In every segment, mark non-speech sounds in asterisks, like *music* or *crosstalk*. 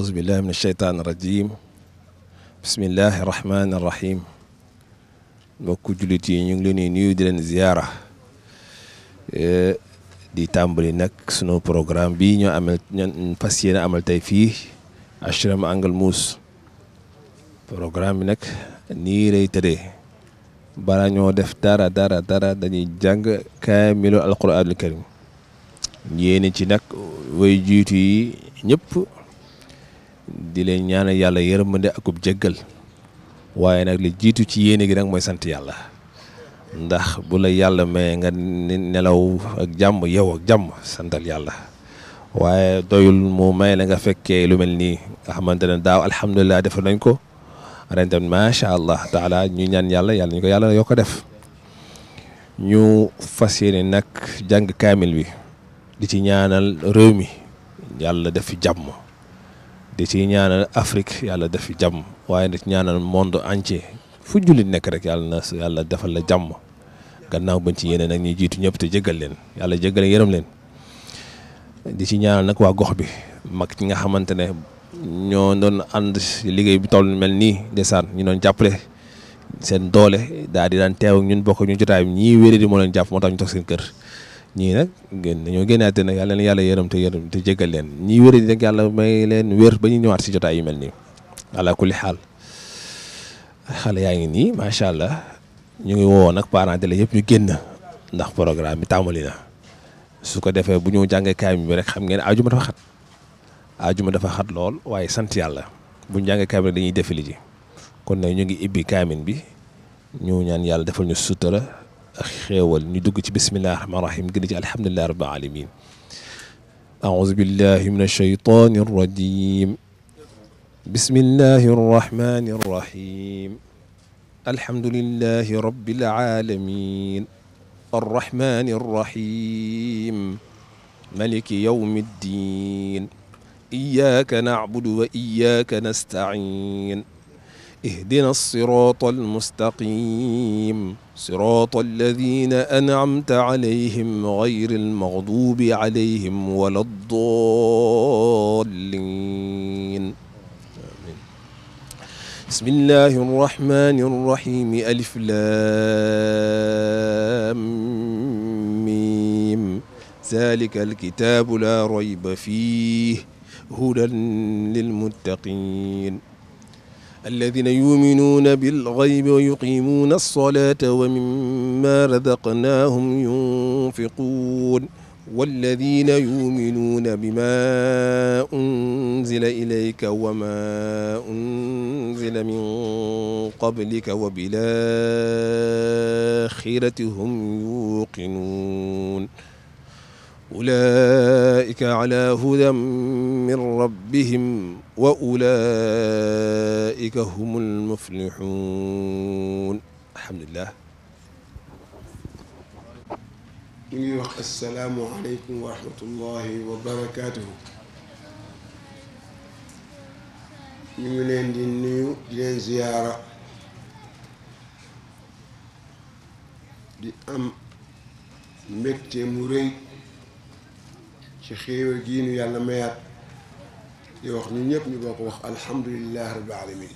أعوذ بالله من الشيطان الرجيم بسم الله الرحمن الرحيم mbokku jullit yi ñu ngi leen di nuyu di leen ziyaara e, di tàmbali nag sunu programme bi ñoo amal ñoo fas amal tey fii ashram Angle Mousse programme bi nag nii lay tëddee bara ñoo def dara dara dara dañuy jàng kaamilu alquraanul karim yéene ci nag way jiitu yi di leen ñaanal yàlla yërmande akub jéggal waaye nag li jiitu ci yéene gi nag mooy sant yàlla ndax bu la yàlla may nga nelaw ak jàmm yow ak jàmm santal yàlla waaye doyul moo may la nga fekkee lu mel nii nga xamante ne daaw alhamdulilah defal nañ ko ren tamit allah taala ñu ñaan yàlla yàlla ñu ko yàlla yoo ko def ñu fas yéene nag jàng kaamil bi di ci ñaanal réew mi yàlla def fi jàmm di ci ñaanal Afrique yàlla def fi jàmm waaye di ci ñaanal monde entier fu jullit nekk rek yàlla na yàlla defal la jàmm gannaaw bañ ci yéene nag ñi jiitu ñëpp te jéggal leen yàlla jéggal yërëm leen di ci ñaanal nag waa gox bi mag ñi nga xamante ne ñoo doon ànd liggéey bi toll mel nii ndeysaan ñu doon jàppale seen doole daa di daan teew ñun bokk ñu jotaay ñii wéri di moo leen jàpp moo tax ñu toog seen kër ñii nag génn dañoo génnaat nag yàlla na yàlla yërëm te yërëm te jégal leen ñiy wér nag yàlla may leen wér ba ñu ñëwaat si jotaay yu mel nii ala kulli xaal xale yaa ngi nii macha allah ñu ngi woo nag parents la yëpp ñu génn ndax programme bi tàmbali na su ko defee bu ñu jàngee kaamil bi rek xam ngeen ajuma dafa xat ajuma dafa xat lool waaye sant yàlla bu ñu jàngee kaamil dañuy defali ji kon nag ñu ngi ibbi kaamil bi ñu ñaan yàlla defal ñu sutura. xéewal ñu dugg ci bismillahi rahmaani rahim gën ci alhamdulillahi rabbil alamin أعوذ بالله من الشيطان الرجيم بسم الله الرحمن الرحيم الحمد لله رب العالمين الرحمن الرحيم ملك يوم الدين إياك نعبد وإياك نستعين اهدنا الصراط المستقيم صراط الذين أنعمت عليهم غير المغضوب عليهم ولا الضالين آمين بسم الله الرحمن الرحيم ألف لام ميم ذلك الكتاب لا ريب فيه هدى للمتقين alladina yuminuuna bilgaybi wa yuqimuuna alsolata wa mimma razaqnaahum yunfiquun walladina yuminuuna bima unzila ilayka wa ma unzila min qablika wa bilaaxirati hum yuqinuun ulaika ala hudan min rabbihim wa ulaika humul muflihun alhamdulilah ñu ngi wax assalaamu aleykum wa rahmatullahi wa barakaatuhu ñu ngi leen di nuyu di leen ziyaara di am mbégte mu rëy ci xéewal gii nu yàlla mayaat di wax ñun ñëpp ñu boo ko wax alhamdulilah rabbil alamin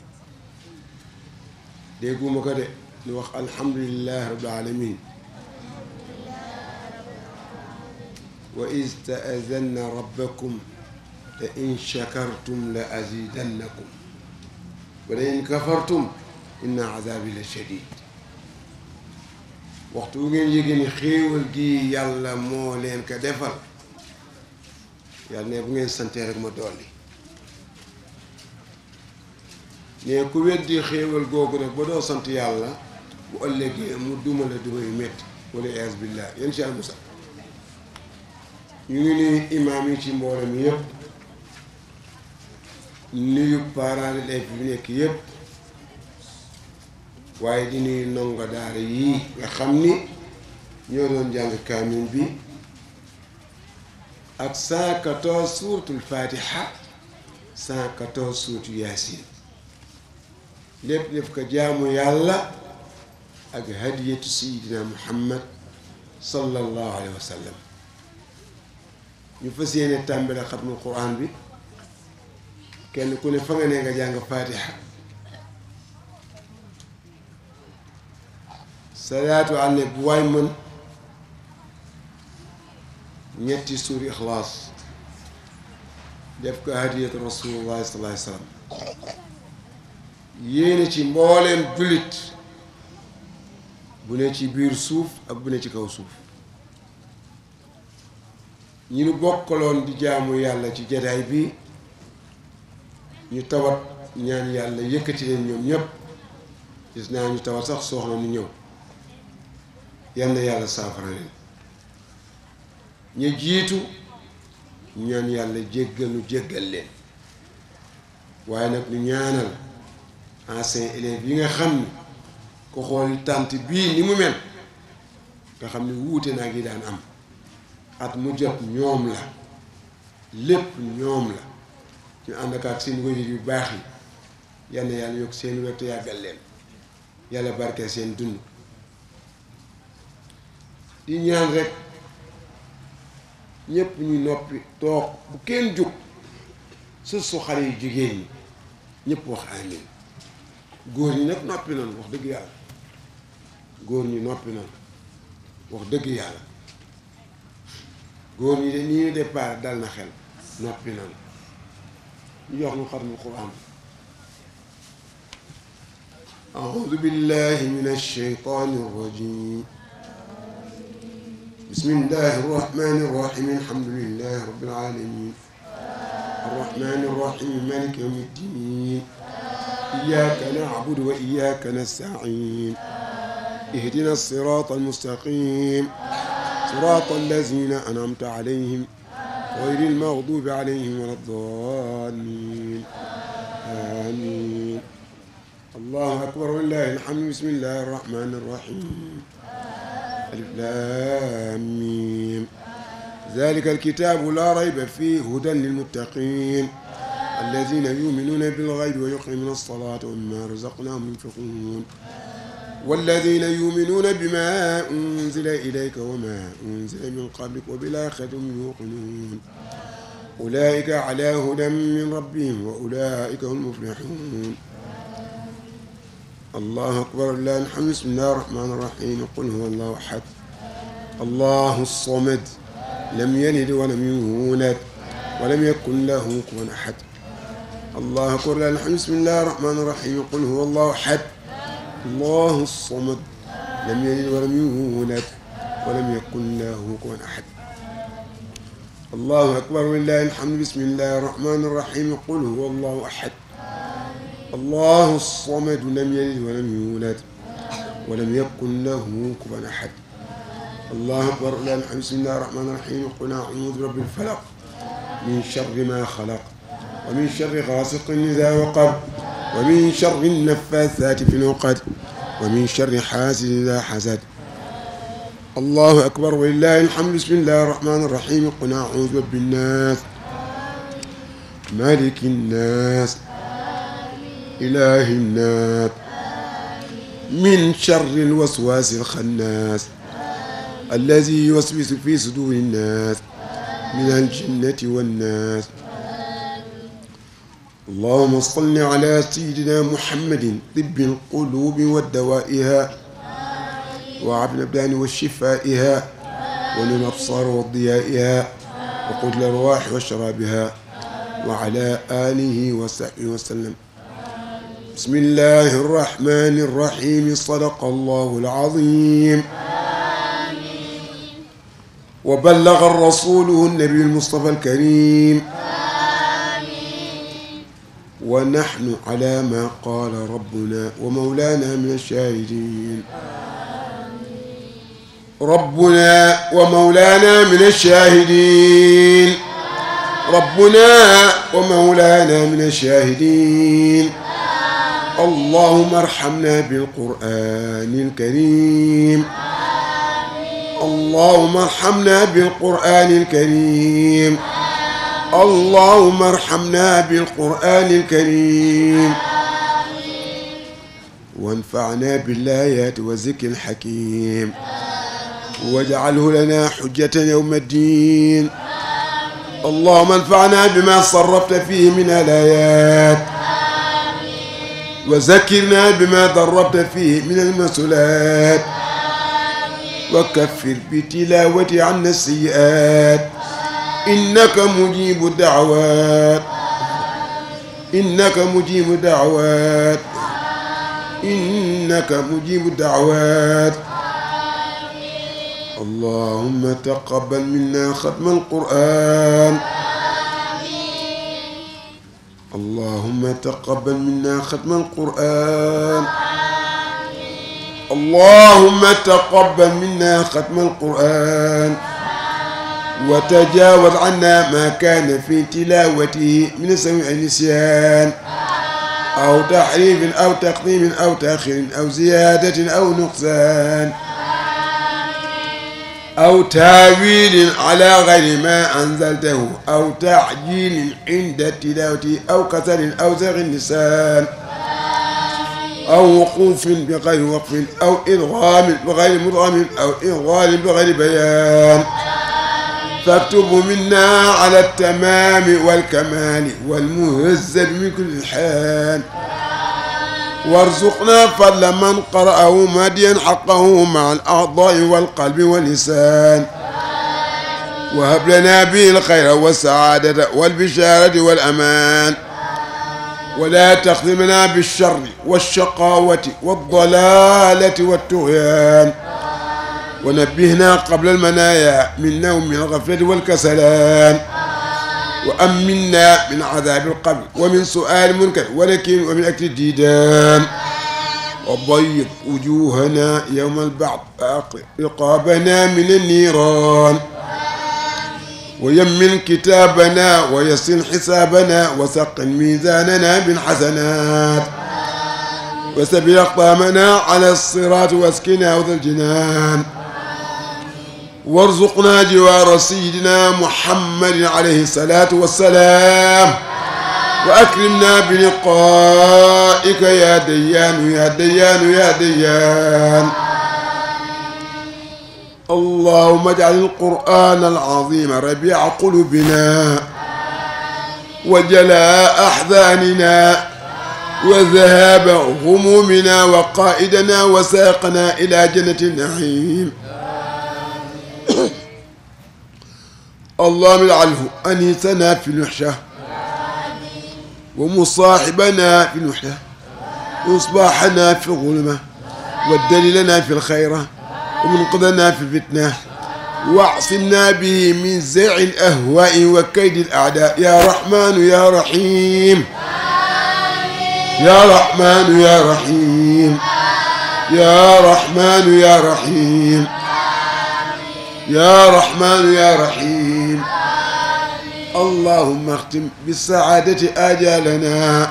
dégguma ko de ñu wax alhamdulilah rabbil alamin wa iz ta'azanna rabbakum la in shakartum la azidannakum wa la in kafartum inna azabi la shadid waxtu wu ngeen yége ni xéewal gi yàlla moo leen ko defal yàlla ne bu ngeen santee rek ma dolli ne ku weddi xéewal googu nag ba doo sant yàlla bu ëllëgee mu duma la duma yu métti wala iyaas billah yan ci àll musa ñu ngi nuyu imaam yi ci mbooloo mi yëpp nuyu parents d'élèves bi nekk yëpp waaye di nuyu ndongo daara yii nga xam ni ñoo doon jàng kaamil bi. ak 114 suuratul fatiha 114 suuratu yaasin lépp def ko jaamu yàlla ak hadiyatu sayidina muhammad sallallahu alayhi wa sallam ñu fas yéene tàmbale xatmul quran bi kenn ku ne fa nga ne nga jàng fatiha salaatu ala bu waay mën ñetti suuri ixlaas def ko hadiyatu rasulullahi sallallahu alayhi ci mbooleem jullit bu ne ci biir suuf ak bu ne ci kaw suuf ñu nu bokkaloon di jaamu yàlla ci jadaay bi ñu tawat ñaan yàlla yëkkati leen ñoom ñépp gis naa ñu tawat sax soxla nu ñëw yal yàlla saafara leen ñu jiitu ñaan yàlla jéggalu jéggal leen waaye nag ñu ñaanal ancien élèves yi nga xam ni ku xool tànt bii ni mu mel nga xam ni wuute naa ngi daan am at mu jot ñoom la lépp ñoom la ñu ànd ak seen wajur yu baax yi yal na yàlla seen wet yàggal yàlla barkeel seen dund di ñaan rek ñëpp ñu noppi toog bu kenn jóg su su xale yu jigéen ñi ñëpp wax amin góor ñi nag noppi nañ wax dëgg yàlla góor ñi noppi nañ wax dëgg yàlla góor ñi de nii départ dal na xel noppi nañ ñu jox ñu xatmul quran أعوذ بالله من الشيطان الرجيم bismillahi irrahmani irrahim alhamdulilahi rabbil alamin arrahmani irrahim maliki yawmi ddin iyyaka na'budu wa iyyaka nasta'in ihdina as-sirata al-mustaqim sirata allazina an'amta alayhim غير المغضوب عليهم ولا الضالين آمين الله أكبر ولله الحمد بسم الله الرحمن الرحيم alif laam miim ذلك الكتاب لا ريب فيه هدى للمتقين الذين يؤمنون بالغيب ويقيمون الصلاة ومما رزقناهم ينفقون والذين يؤمنون بما أنزل إليك وما أنزل من قبلك وبالآخرة هم يوقنون أولئك على هدى من ربهم وأولئك هم المفلحون الله أكبر لله الحمد بسم الله الرحمن الرحيم قل هو الله أحد الله الصمد لم يلد ولم يولد ولم يكن له كفوا أحد الله أكبر لله الحمد بسم الله الرحمن الرحيم قل هو الله أحد الله الصمد لم يلد ولم يولد ولم يكن له كفوا أحد الله أكبر لله الحمد بسم الله الرحمن الرحيم قل هو الله أحد allahu samadu lam yalid walam yulad walam yakun lahu kufuwan ahad allahu akbar la ilaha bismillahi rahmani rahim qul a'udhu bi rabbil falaq min sharri ma khalaq wa min sharri ghasiqin idha waqab wa min sharri naffathati fil uqad wa min sharri hasidin idha hasad الله أكبر ولله الحمد بسم الله الرحمن الرحيم قل أعوذ برب الناس مالك الناس إله الناس من شر الوسواس الخناس الذي يوسوس في صدور الناس من الجنة والناس اللهم صل على سيدنا محمد طب القلوب ودوائها وعبد الأبدان وشفائها ونور الأبصار وضيائها وقتل الأرواح وشرابها وعلى آله وصحبه وسلم بسم الله الرحمن الرحيم صدق الله العظيم آمين وبلغ الرسول النبي المصطفى الكريم آمين ونحن على ما قال ربنا ومولانا من الشاهدين ربنا ومولانا من الشاهدين ربنا ومولانا من الشاهدين اللهم ارحمنا بالقرآن الكريم اللهم ارحمنا بالقرآن الكريم اللهم ارحمنا بالقرآن الكريم وانفعنا بالآيات والذكر الحكيم واجعله لنا حجة يوم الدين اللهم انفعنا بما صرفت فيه من الآيات وذكرنا بما ضربت فيه من المسؤولات وكفر بتلاوة عنا السيئات إنك مجيب الدعوات إنك مجيب الدعوات إنك مجيب الدعوات اللهم تقبل منا ختم القرآن اللهم تقبل منا ختم القرآن اللهم تقبل منا ختم القرآن وتجاوز عنا ما كان في تلاوته من سوء نسيان أو تحريف أو تقديم أو تأخير أو زيادة أو نقصان aw taawilin ala gayri ma anzaltahu aw taajilin inda tilawati aw kasarin aw saxin lisaan aw wuqufin bi gayri waqfin aw idgaamin bi gayri mudgamin aw idgaalin bi gayri bayaan فاكتبوا منا على التمام والكمال والمهذب من كل حال وارزقنا فضل من قرأه ماديا حقه مع الأعضاء والقلب واللسان وهب لنا به الخير والسعادة والبشارة والأمان ولا تخدمنا بالشر والشقاوة والضلالة والطغيان ونبهنا قبل المنايا من نوم الغفلة والكسلان wa aminna min azabi alqabri wa min suali munkar wa nakin wa min akli didan وبيض وجوهنا يوم البعث رقابنا من النيران ويمن كتابنا ويسر حسابنا وسقن ميزاننا بالحسنات وسبل أقدامنا على الصراط واسكنا وذا الجنان warzuqnaa jiwaara sayidina muhammadin alayhi salaatu wassalaam wa akrimnaa bi liqaaika yaa dayyaanu yaa dayyaanu yaa dayyaan allahumma ajcal alqur'aana alcaziima rabiica qulubina wa jalaa axzaanina wa zahaaba humuumina wa qaa'idana wa saaqana ilaa jannati naciim اللهم اجعله أنيسنا في الوحشة ومصاحبنا في الوحشة ومصباحنا في الظلمة ودليلنا في الخيرة ومنقذنا في الفتنة واعصمنا به من زيع الأهواء وكيد الأعداء يا رحمن يا رحيم يا رحمن يا رحيم يا رحمن يا رحيم يا رحمن يا رحيم اللهم اختم بالسعادة آجالنا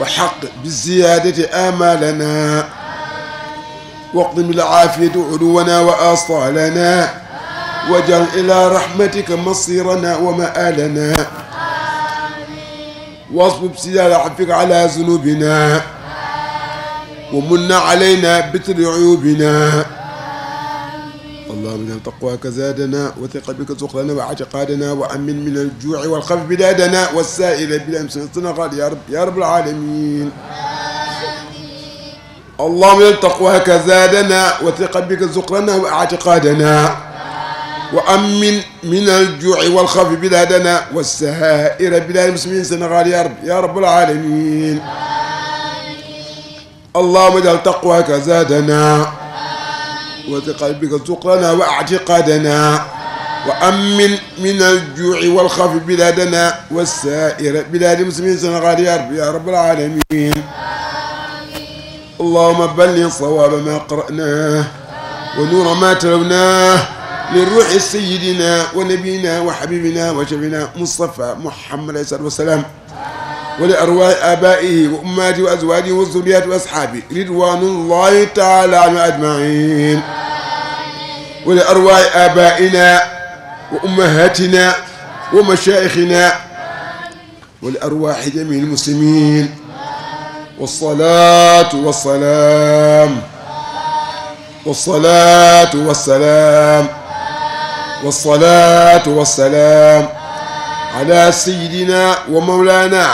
وحق بالزيادة آمالنا واقضم العافية علونا وآصالنا واجعل إلى رحمتك مصيرنا ومآلنا واصب سجال عفوك على ذنوبنا ومن علينا بتر عيوبنا اللهم زد تقواك زادنا وثق بك سخرنا واعتقادنا وأمن من الجوع والخوف بلادنا والسائل بالأمس والصدقات يا رب يا رب العالمين اللهم زد تقواك زادنا وثق بك سخرنا واعتقادنا وأمن من الجوع والخوف بلادنا والسائر بلاد المسلمين سنغال يا رب يا رب العالمين اللهم اجعل تقواك زادنا وتقلبك سقرنا واعتقادنا وأمن من الجوع والخوف بلادنا والسائر بلاد المسلمين سنغال يا رب العالمين اللهم بلغ صواب ما قرأناه ونور ما تلوناه للروح سيدنا ونبينا وحبيبنا وشفينا مصطفى محمد عليه الصلاة والسلام ولأرواح آبائه وأماته وأزواجه وذرياته وأصحابه رضوان الله تعالى أجمعين ولأرواح آبائنا وأمهاتنا ومشايخنا ولأرواح جميع المسلمين والصلاة والسلام والصلاة والسلام والصلاة والسلام على سيدنا ومولانا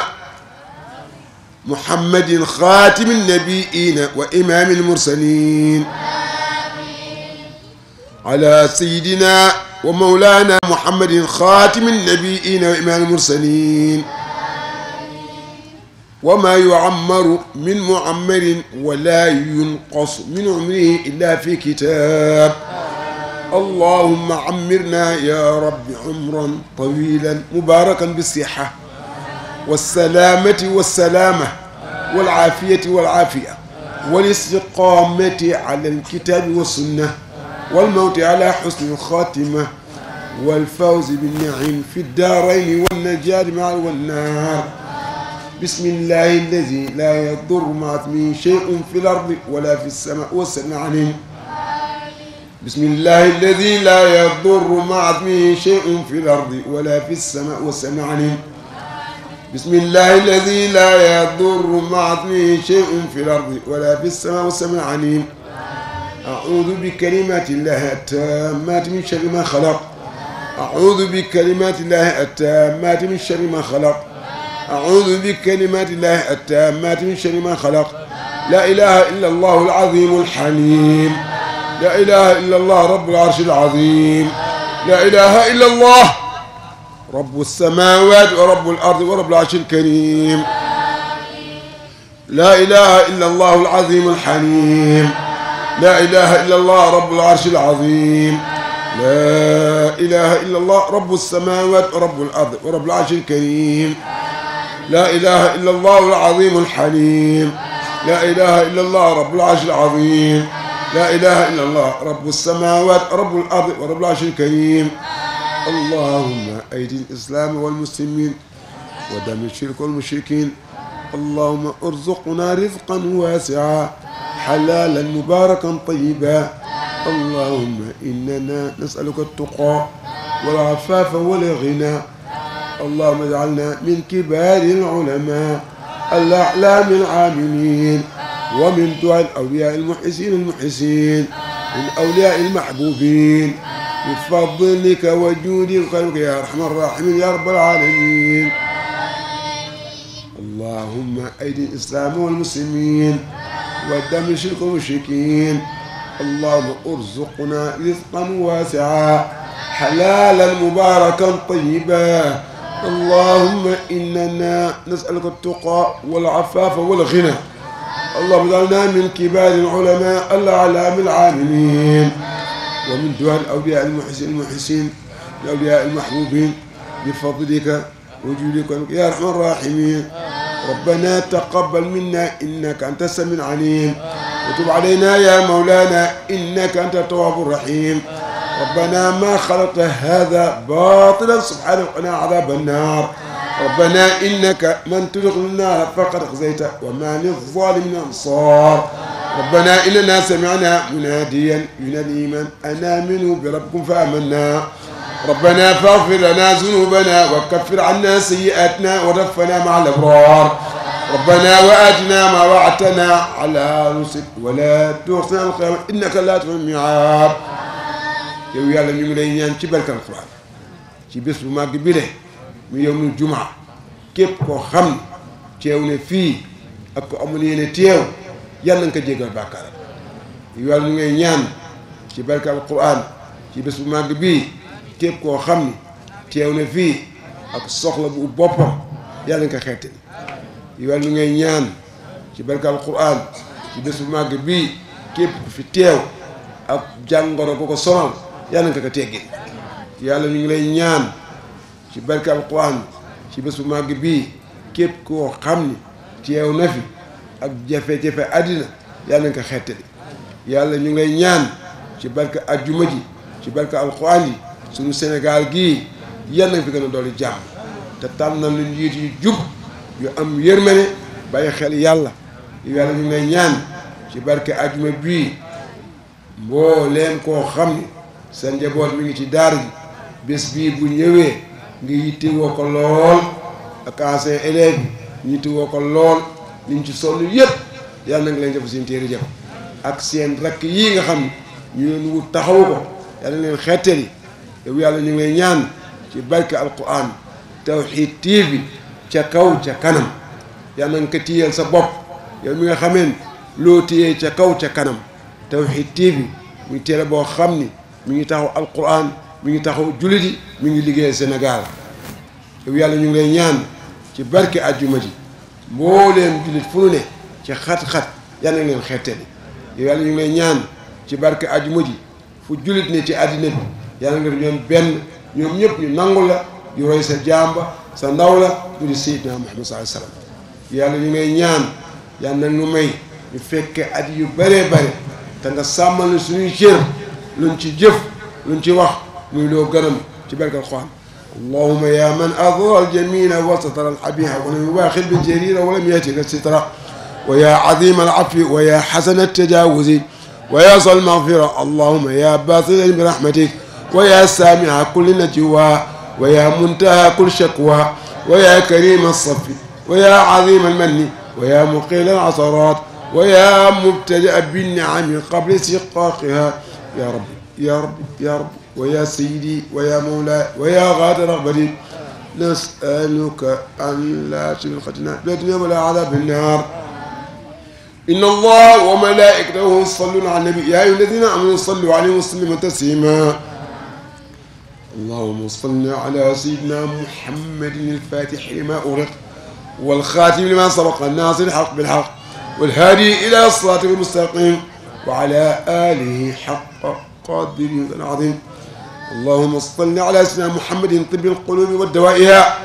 محمد خاتم النبيين وإمام المرسلين ala sayidina wa mawlana muhammadin xaatimi nabiina wa imaam almursalin wa ma yuammaru min muammarin wala yunqas min umrihi illa fi kitab اللهم عمرنا يا رب عمرا طويلا مباركا بالصحة والسلامة والسلامة والعافية والعافية والاستقامة على الكتاب والسنة والموت على حسن الخاتمة والفوز بالنعيم في الدارين والنجاة مع والنار بسم الله الذي لا يضر مع اسمه شيء في الأرض ولا في السماء والسلام عليه بسم الله الذي لا يضر مع اسمه شيء في الأرض ولا في السماء والسلام عليه بسم الله الذي لا يضر مع اسمه شيء في الأرض ولا في السماء والسلام عليه أعوذ بكلمات الله التامات من شر ما خلق أعوذ بكلمات الله التامات من شر ما خلق أعوذ بكلمات الله التامات من شر ما خلق لا إله إلا الله العظيم الحليم لا إله إلا الله رب العرش العظيم لا إله إلا الله رب السماوات ورب الأرض ورب العرش الكريم لا إله إلا الله العظيم الحليم laa ilaha illa allah rabbul arshil azim laa ilaha illa allah rabbus samawat wa rabbul ard wa rabbul arshil karim laa ilaha illa allah al-azim al-halim laa ilaha illa allah rabbul arshil azim laa ilaha illa allah rabbus samawat wa rabbul ard wa rabbul arshil karim allahumma aydil islaam wal muslimiin wa dammir shirk wal mushrikiin allahumma arzuqna rizqan waasi'an حلالا مباركا طيبا اللهم إننا نسألك التقى والعفاف والغنى اللهم اجعلنا من كبار العلماء الأعلام العاملين ومن دعاء الأولياء المحسين المحسين من أولياء المحبوبين بفضلك وجودك وخيرك يا أرحم الراحمين يا رب العالمين اللهم أيد الإسلام والمسلمين ودمشق المشركين اللهم ارزقنا رزقا واسعا حلالا مباركا طيبا اللهم اننا نسالك التقى والعفاف والغنى اللهم اجعلنا من كبار العلماء الاعلام العاملين ومن دعاء الاولياء المحسنين المحسنين الاولياء المحبوبين بفضلك وجودك يا ارحم الراحمين ربنا تقبل منا إنك أنت السميع العليم وتب علينا يا مولانا إنك أنت التواب الرحيم ربنا ما خلقت هذا باطلا سبحانك وقنا عذاب النار ربنا إنك من تدخل النار فقد خزيته وما للظالمين أنصار ربنا إننا سمعنا مناديا ينادي من أنا منه بربكم فآمنا ربنا فاغفر لنا ذنوبنا وكفر عنا سيئاتنا وتوفنا مع الأبرار ربنا وآتنا ما وعدتنا على رسل ولا تخزنا القيامة إنك لا تخلف الميعاد yow yàlla ñu ngi lay ñaan ci barkal alxuraan ci bés bu màgg bi le mu yowmul jumaa képp koo xam teew ne fii ak ko amul yéene teew yàlla nga ko jéggal bàkkaaram yow yàlla ñu ngay ñaan ci barkal alxuraan ci bés bu màgg bii képp koo xam ni teew na fii ak soxla bu boppam yàlla nga ko xettali yàlla lu ngay ñaan ci barke alquran ci bu màgg bii képp fi teew ak jàngoro ko ko sonal yàlla nga ko teggil ñu ngi lay ñaan ci barke alquran ci bés bu màgg bii képp koo xam ni teew na fi ak jafe-jafe àddina yàlla nga ko xettali yàlla ñu ngi ñaan ci barke ajjuma ji ci barke alquran ji suñu Sénégal gi yal na fi gën a dolli jàmm te na nañu njiit yu jub yu am yërmande bàyyi xel yàlla yàlla ñu ngay ñaan ci barke ajuma bii mbooleem koo xam ne sa njaboot mi ngi ci daar gi bés bii bu ñëwee ngi yittewoo ko lool ak ancien élève yi yittewoo ko lool liñ ci sonn yëpp yàlla na nga leen def seen téere jëf ak seen rakk yii nga xam ne ñu leen wut taxawu ko yàlla na leen xetteel yi yow yàlla ñu ngi ñaan ci barke alquran tawhid tv ca kaw ca kanam yal na nga sa bopp yow mi nga xameen loo téyee ca kaw ca kanam tawhid tv boo xam ni mi ngi taxaw alquran mi ngi taxaw jullit mi ngi liggéeyal Sénégal yàlla ñu ngi ñaan ci barke ajjuma ji mbooleem jullit fu ne ci xat-xat yal na leen xettali yow yàlla ñu ngi ñaan ci barke ajjuma ji fu jullit ne ci àddina bi yàlla nga def ñoom benn ñoom ñëpp ñu nangu la di roy sa jàmba sa ndaw la du di sayyidina Muhammad sallallahu alayhi wasallam yàlla ñu ngay ñaan yàlla nag ñu may ñu fekke at yu bëree bëri te nga sàmmal suñuy cër luñ ci jëf luñ ci wax muy loo gërëm ci barkal Alxuraan allahuma ya man adra aljamila wa satara alxabiha walam yubaxil bi jarira walam yati ka sitra wa ya azima alafi wa ya xasana tajawusi wa ya sal magfira allahuma ya basila bi rahmatik ويا سامع كل نجوى ويا منتهى كل شكوى ويا كريم الصف ويا عظيم المن ويا مقيل العثرات ويا مبتدأ بالنعم قبل استحقاقها يا رب يا رب يا رب ويا سيدي ويا مولاي ويا غادر رغبتي نسألك أن لا تلقتنا بدنيا ولا عذاب النار إن الله وملائكته يصلون على النبي يا أيها الذين آمنوا صلوا عليه وسلموا تسليما اللهم صل على سيدنا محمد الفاتح لما أغلق والخاتم لما سبق الناصر الحق بالحق والهادي إلى الصراط المستقيم وعلى آله حق قدره العظيم اللهم صل على سيدنا محمد طب القلوب ودوائها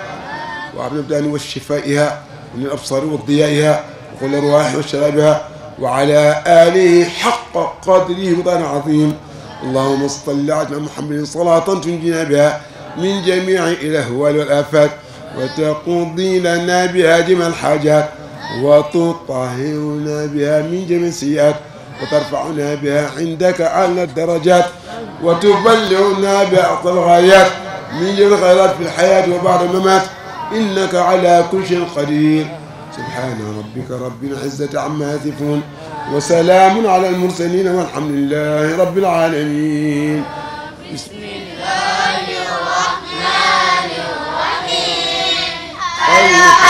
وعبد الأبدان وشفائها من الأبصار وضيائها وكل أرواح وشرابها وعلى آله حق قدره وضعنا عظيم اللهم صل على محمد صلاة تنجينا بها من جميع الأهوال والآفات وتقضي لنا بها جميع الحاجات وتطهرنا بها من جميع السيئات وترفعنا بها عندك أعلى الدرجات وتبلغنا بأعطى الغايات من جميع الخيرات في الحياة وبعد الممات إنك على كل شيء قدير subhaana rabbika rabbil izzati ammaa yasifuun wa salaamun alal mursaliin walhamdulillaahi rabbil aalamiin bismillaahi rahmaani rahiim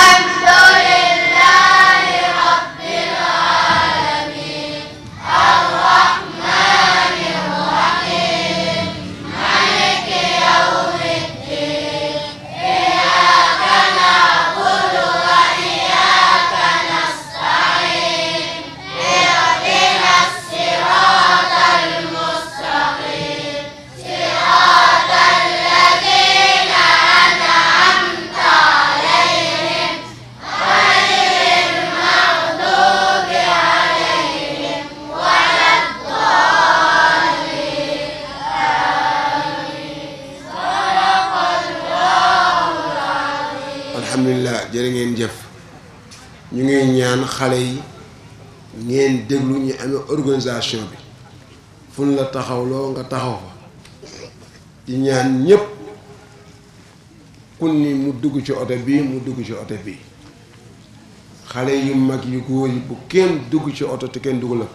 organisation bi fu ñu la taxawloo nga taxaw fa di ñaan ñëpp kun ni mu dugg ci oto bii mu dugg ci oto bii xale yu mag yu góor yi bu kenn dugg ci oto te kenn dugg la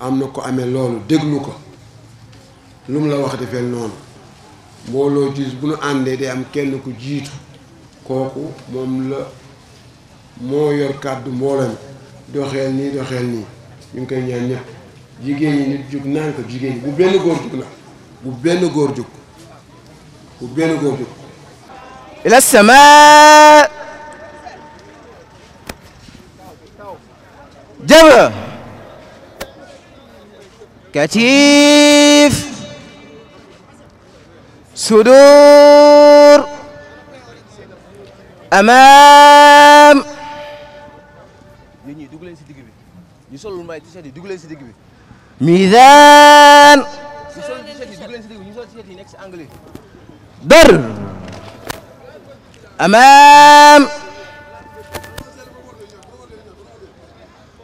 am na ku amee loolu déglu ko lu mu la wax defee noonu mbooloo gis bu nu àndee day am kenn ku jiitu kooku moom la moo yor kàddu mbooloo mi doxeel nii doxeel nii ñu ngi koy ñaan ñëpp jigéen ñi nit naan ko jigéen ñi benn góor jug nag bu benn góor jug bu benn góor jug ila sama ñu solul mbay t-shirt yi dugg leen si digg bi. Mizan. ñu solul t-shirt yi dugg leen si digg bi ñu solul t-shirt yi nekk si anglais. Dar. Amaam.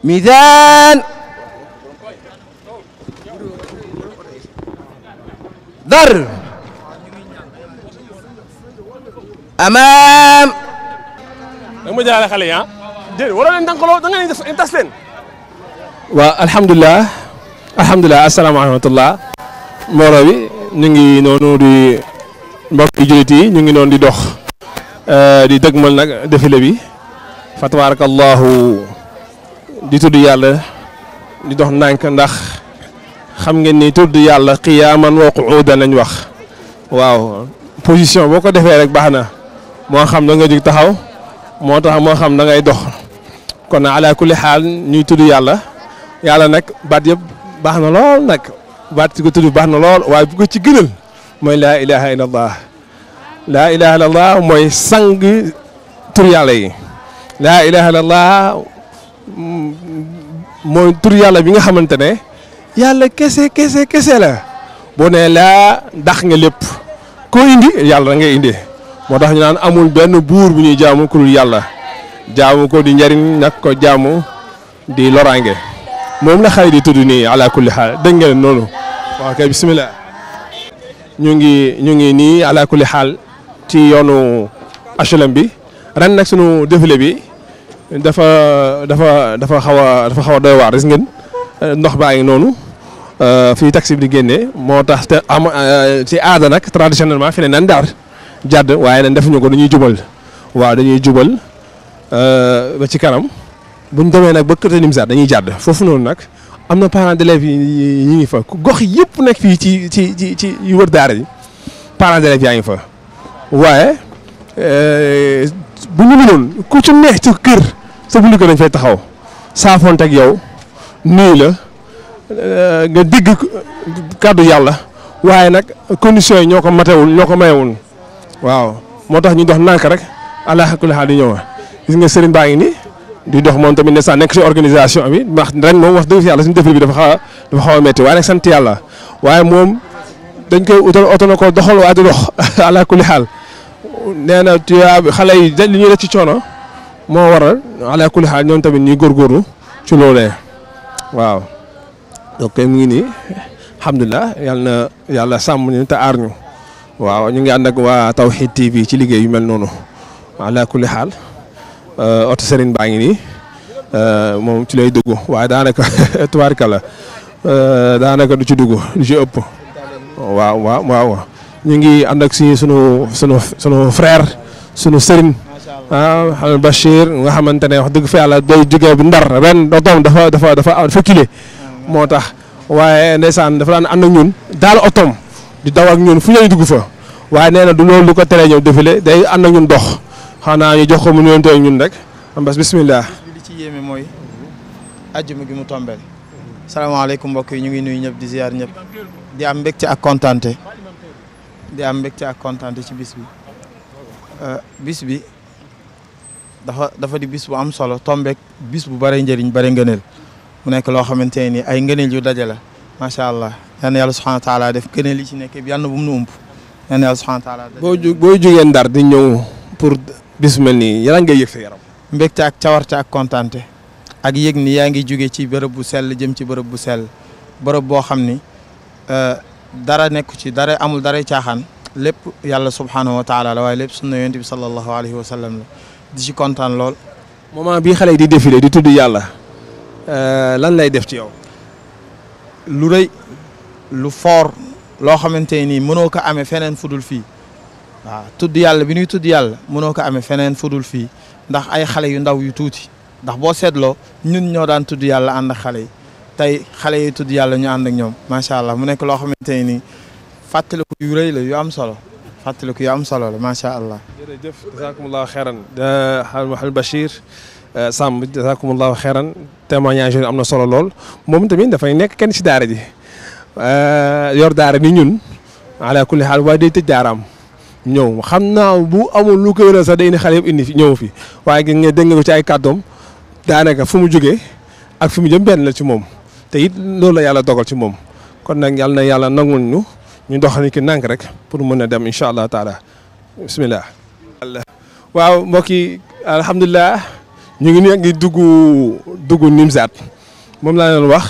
Mizan. Dar. Amaam. da nga ma jaarale xale yi ah. déedéet waroon nañu da nga ko da nga leen di tas leen. waaw alhamdulilah alhamdulilah asalaamaaleykum wa bi ñu ngi noonu di mbokk yi jullit yi ñu ngi noonu di dox eh, di dëgmal nag défilé bi fa tabarakallahu di tudd yàlla di dox ndànk ndax xam ngeen ni tudd yàlla qiyaaman wa qu'uudan lañ wax waaw position boo ko defee rek baax na moo xam danga nga taxaw moo tax moo xam dangay ngay dox kon ala kulli xaal ñuy tudd yàlla yàlla nag baat yëpp baax na lool nag baat ci ko tudd baax na lool waaye bu ci gënal mooy laa ilaha illa allah laa ilaha illa mooy sang tur yàlla yi laa ilaha illa mooy tur yàlla bi nga xamante ne yàlla kese kese kese la boo ne laa dax nga lépp ko indi yàlla da ngay indi moo tax ñu naan amul benn buur bu ñuy jaamu ku dul yàlla jaamu ko di njariñ nag ko jaamu di loraange moom la xay di tudd nii ala kulli xaal dégg ngeen noonu waaw kay bisimilah. ñu ngi ñu ngi nii ala kulli xaal ci yoonu HLM bi ren nag sunu défilé bi dafa dafa dafa xaw a dafa xaw a doy waar gis eh, ndox baa ngi noonu eh, fii taxi bi di génnee moo tax te am eh, ci aada nag traditionnellement fi ne nan daar jàdd waaye nag defuñu ko dañuy jubal waaw dañuy jubal ba ci kanam. bu ñu demee nag ba Kër Nimzaat dañuy jàdd foofu noonu nag am na parents d'élèves yi ñu ngi fa gox yëpp nekk fii ci ci ci ci yu daar daara yi parents d'élèves yaa ngi fa waaye eh, bu ñu mënoon ku ci neex ci kër sa bu ko dañ fay taxaw saafoonte yow nuyu la eh, nga digg kàddu yàlla waaye nag conditions yi ñoo ko matewul ñoo ko mayewul waaw moo tax ñu dox nànk rek allah kulli xaal di ñëw gis nga sëriñ baa ngi nii. du dox moom tamit ne sax nekk si organisation bi ndax ren moom wax dëgg yàlla suñu défil bi dafa xaw a dafa xaw a métti waaye sant yàlla waaye moom dañ koy utal oto na ko doxal waa di dox *laughs* ala kulli xaal nee na xale yi dañ li ci coono moo waral ala kulli xaal ñoom tamit ñuy góorgóorlu ci loolee waaw. donc mu ngi nii alhamdulilah yàlla na yàlla sàmm ñu te aar ñu waaw ñu ngi ànd ak waa Tawhid TV ci liggéey yu mel noonu ala kulli xaal. Euh, oto Serigne baa ngi nii euh, moom ci lay dugg waaye daanaka *laughs* tubaarkalla euh, daanaka du ci dugg du ci ëpp. ngi ànd si sunu sunu sunu frère sunu Serigne ah Bachir nga xamante ne wax dëgg fa yàlla day jógee bu ndar ren otoom dafa dafa dafa kile moo tax waaye ndeysaan dafa daan ànd ak ñun daal otoom di daw ak ñun fu ñuy dugg fa waaye nee na du loolu lu ko teree ñëw défilé day ànd ak ñun dox. xanaa ñu jox ko mu nuyoonte ak ñun rek am bas bismillah li ci yéeme mooy ajjuma gi mu tombeel salaamaaleykum mbokk yi ñu ngi nuyu ñëpp di ziar ñëpp di am mbégte ak kontaante di am mbégte ak kontaante ci bis bi euh, bis bi dafa dafa di bis bu am solo tombek bis bu bare njëriñ bare ngëneel mu nekk loo xamante ne nii ay ngëneel yu daje la macha allah yan yàlla subhanahu wa taala def ngëneel yi ci nekk yàlla bu mu nu ump yan yàlla subhanahu wa boo jugee ndar di ñëw pour bis mel nii yàlla ngay yëg sa yaram. mbégte ak cawarte ak kontaante ak yëg ni yaa ngi jóge ci bërëb bu sell jëm ci bërëb bu sell bërëb boo xam ni euh, dara nekku ci dara amul dara caaxaan lépp yàlla subhaanahu wa taala la waaye lépp sunna yonent bi sallallahu alayhi wa sallam la di ci kontaan lool. moment bii xale yi di défilé di tudd yàlla euh, lan lay def ci yow. lu rëy lu fort loo xamante ni mënoo ko ame feneen fudul fii. waaw tudd yàlla bi ñuy tudd yàlla mënoo ko amee feneen fudul fii ndax ay xale yu ndaw yu tuuti ndax boo seetloo ñun ñoo daan tudd yàlla ànd xale yi tey xale yi tudd yàlla ñu ànd ak ñoom macha allah mu nekk loo xamante ni fàttaliku yu rëy la yu am solo fàttaliku yu am solo la macha allah. jërëjëf jazakumullahu xeeran eh, Al Bachir eh, Samb jazakumullahu xeeran témoignage yi am na solo lool moom tamit dafay nekk kenn ci daara ji eh, yor daara ni ñun ala kulli xaal waa day tëj daaraam. ñëw xam naa bu amul lu koy wéral sax day ni xale yëpp indi fi ñëw fi waaye gi nga dégg nga ko ci ay kàddoom daanaka fu mu jógee ak fu mu jëm benn la ci moom te it loolu la yàlla dogal ci moom kon nag yàlla na yàlla nangul ñu ñu doxal ki nànk rek pour mën a dem incha allah taala bisimilah. waaw mbokk yi alhamdulilah ñu ngi nii ngi duggu dugg Nimzaat moom laa leen wax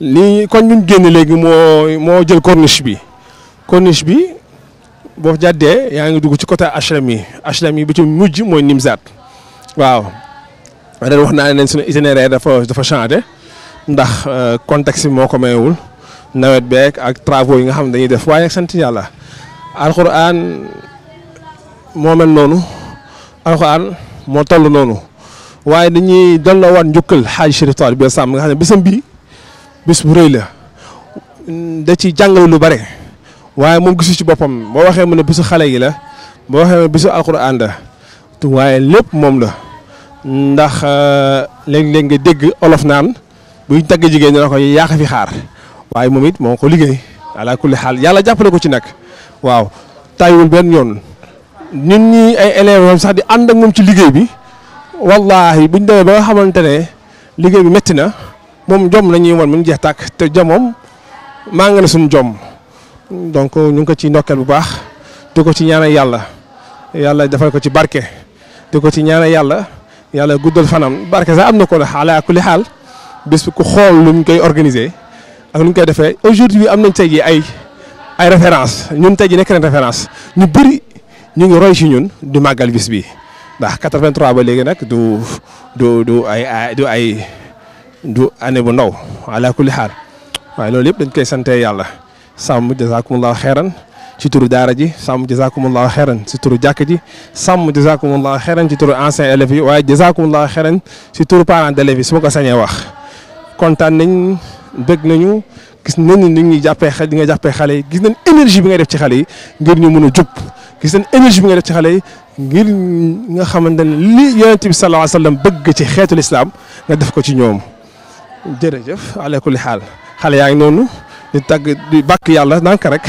lii kon ñun génn léegi moo moo jël corniche bi corniche bi. boo jàddee yaa ngi dugg ci côté HLM yi HLM yi bi ci mujj mooy Nimzaat waaw ren wax naa ne suñu itinéraire dafa dafa changé ndax euh, contexte bi moo ko mayewul nawet beeg ak travaux yi nga xam ne dañuy def waaye sant yàlla alxuraan moo noonu alxuraan moo toll noonu waaye dañuy delloo waat njukkal xaaj Chérif Touré bi sàmm nga xam ne bisam bii bis bu rëy la da ci jàngale lu bare. waaye moom gisu ci boppam boo waxee mu ne bisu xale yi la boo waxee mu ne bisu alxuraan la waaye lépp moom la ndax euh, léeg-léeg nga dégg olof naan buy tagg jigéen ñi na ko yaa fi xaar waaye moom it moo ko liggéey ala kulli xaal yàlla jàppale ko ci nag waaw tàyyiwul benn yoon ñun ñi ay élèves am sax di ànd ak moom ci liggéey bi wallaahi buñ demee ba nga xamante ne liggéey bi métti na moom jom la ñuy wan mu ngi jeex tàkk te jamoom maa nga ne suñu jom. donc ñu ngi ko ci ndokkeel bu baax di ko ci ñaanal yàlla yàlla defal ko ci barke di ko ci ñaanal yàlla yàlla guddal fanam barke sax am na ko ala kulli xaal bés bi ko xool lu ñu koy organiser ak nu ñu koy defee aujourd'hui am nañ tey jii ay ay référence ñun tey jii nekk nañ référence ñu bëri ñu ngi roy ci ñun du màggal bis bi ndax 83 ba léegi nag du du du ay du ay du année bu ndaw ala kulli xaal waaye loolu yëpp dañ koy sante yàlla sàmm jazakumullahu xeeran ci turu daara ji sàmm jazakumullahu xeeran ci turu jàkk ji sàmm jazakumullahu xeeran ci turu ancien élèves yi waaye jazakumullahu xeeran ci turu parents d'élèves yi su ma ko sañee wax kontaan nañ bëgg nañu gis nañ ni ñuy jàppee xale di nga jàppee xale yi gis nañ énergie bi nga def ci xale yi ngir ñu mun a jub gis nañ énergie bi nga def ci xale yi ngir nga xamante ne li yonent bi sallallahu alayhi wa sallam bëgg ci xeetul nga def ko ci ñoom jërëjëf ala kulli xaal xale yaa ngi noonu di tagg di bàkk yàlla ndànk rek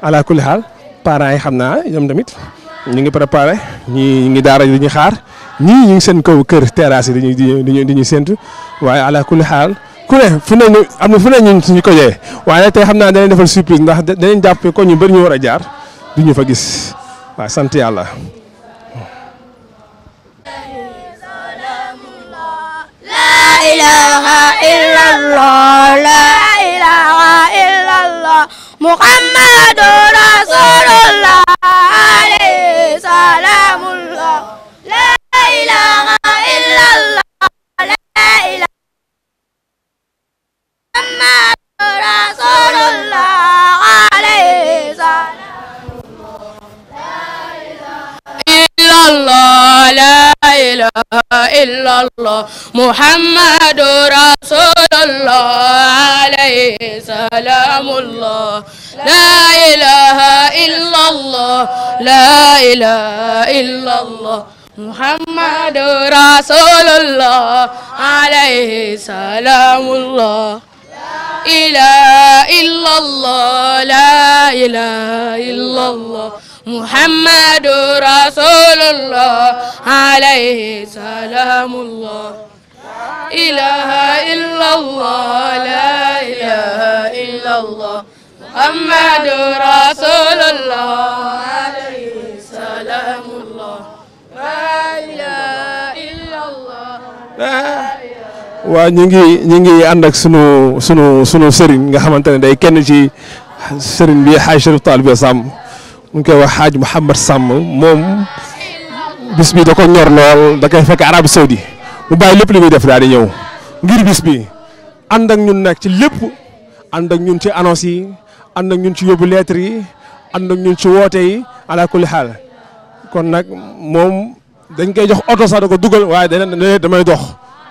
ala kulli xaal parents yi xam naa ñoom tamit ñu ngi préparé ñii ñu ngi daara di ñu xaar ñii ñu ngi seen kaw kër terrasse yi di ñu di ñu di ñu séntu waaye ala kulli xaal ku ne fu ne ñu am na fu ne ñu suñu ko jëyee waaye nag tey xam naa danañ defal surprise ndax danañ jàpp ko ñu bëri ñu war a jaar du ñu fa gis waaw sant yàlla. ilaha illallah la ilaha illallah muhammadur rasulullah alayhi salamullah la ilaha illallah la ilaha muhammadur rasulullah alayhi salam illallah la ilaha illallah muhammadur rasulullah alayhi salamullah la ilaha illallah la ilaha illallah muhammadur rasulullah alayhi salamullah la ilaha illallah la ilaha illallah محمد رسول الله عليه سلام الله لا إله إلا الله لا إله إلا الله محمد رسول الله عليه سلام الله لا إله إلا الله waaw ñu ngi ñu ngi ànd ak sunu sunu sunu sëriñ nga xamante ne day kenn ci sëriñ bi Haaj Chérif Tall bi Samb mu ngi koy wax xaaj Mouhamad Sàmm moom bis bi da ko ñor lool da koy fekk arab saudi mu bàyyi lépp li muy def daal di ñëw ngir bis bi ànd ak ñun nag ci lépp ànd ak ñun ci annonce yi ànd ak ñun ci yóbbu lettre yi ànd ak ñun ci woote yi ala kulli xaal kon nag moom dañ koy jox oto sax da ko dugal waaye dana damay dox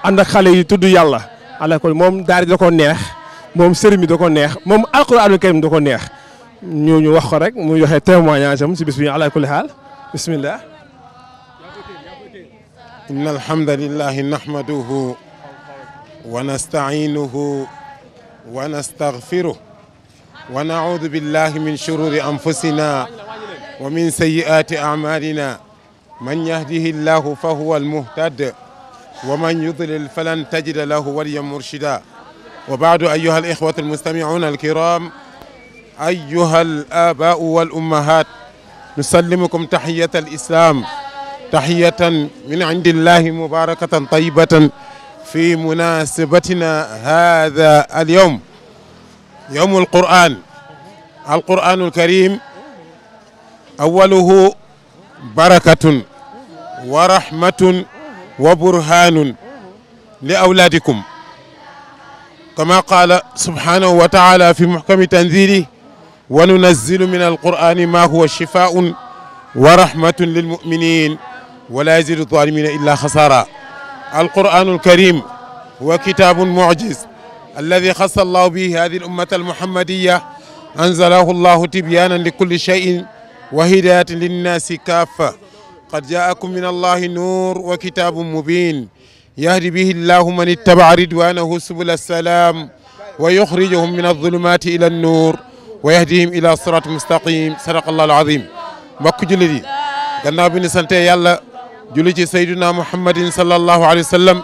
ànd ak xale yi tudd yàlla ala kulli moom daari da ko neex moom sëriñ bi da ko neex moom alquraanul karim da ko neex ñu ñu wax ko rek muy waxee témoignage am si bis bi ala kulli haal bismillah إن الحمد لله نحمده ونستعينه ونستغفره ونعوذ بالله من شرور أنفسنا ومن سيئات أعمالنا من يهده الله فهو المهتد ومن يضلل فلن تجد له وليا مرشدا وبعد أيها الإخوة المستمعون الكرام أيها الآباء والأمهات نسلمكم تحية الإسلام تحية من عند الله مباركة طيبة في مناسبتنا هذا اليوم يوم القرآن القرآن الكريم أوله بركة ورحمة وبرهان لأولادكم كما قال سبحانه وتعالى في محكم تنزيله wa nunazzilu min alqur'ani ma huwa shifaa'un wa rahmatun lil mu'minin wa la yazidu zalimina illa khasara alqur'anu alkarim huwa kitabun mu'jiz alladi xasa allahu bihi hadihi alummata almuhammadiya anzalahu allahu tibyanan li kulli cheyin wa hidayatan linnaasi kaafa qad jaakum min allahi nuur wa kitaabun mubin yahdi bihi llahu man ittabaca ridwanahu subula alsalam wa yuxrijuhum min alzulumaati ila annuur wa yahdihim ila siraati mustaqim sadaqallahu alazim mbokk jullit yi gannaaw bi ni sante yàlla julli ci sayduna muhammadin sallallahu alayhi wa sallam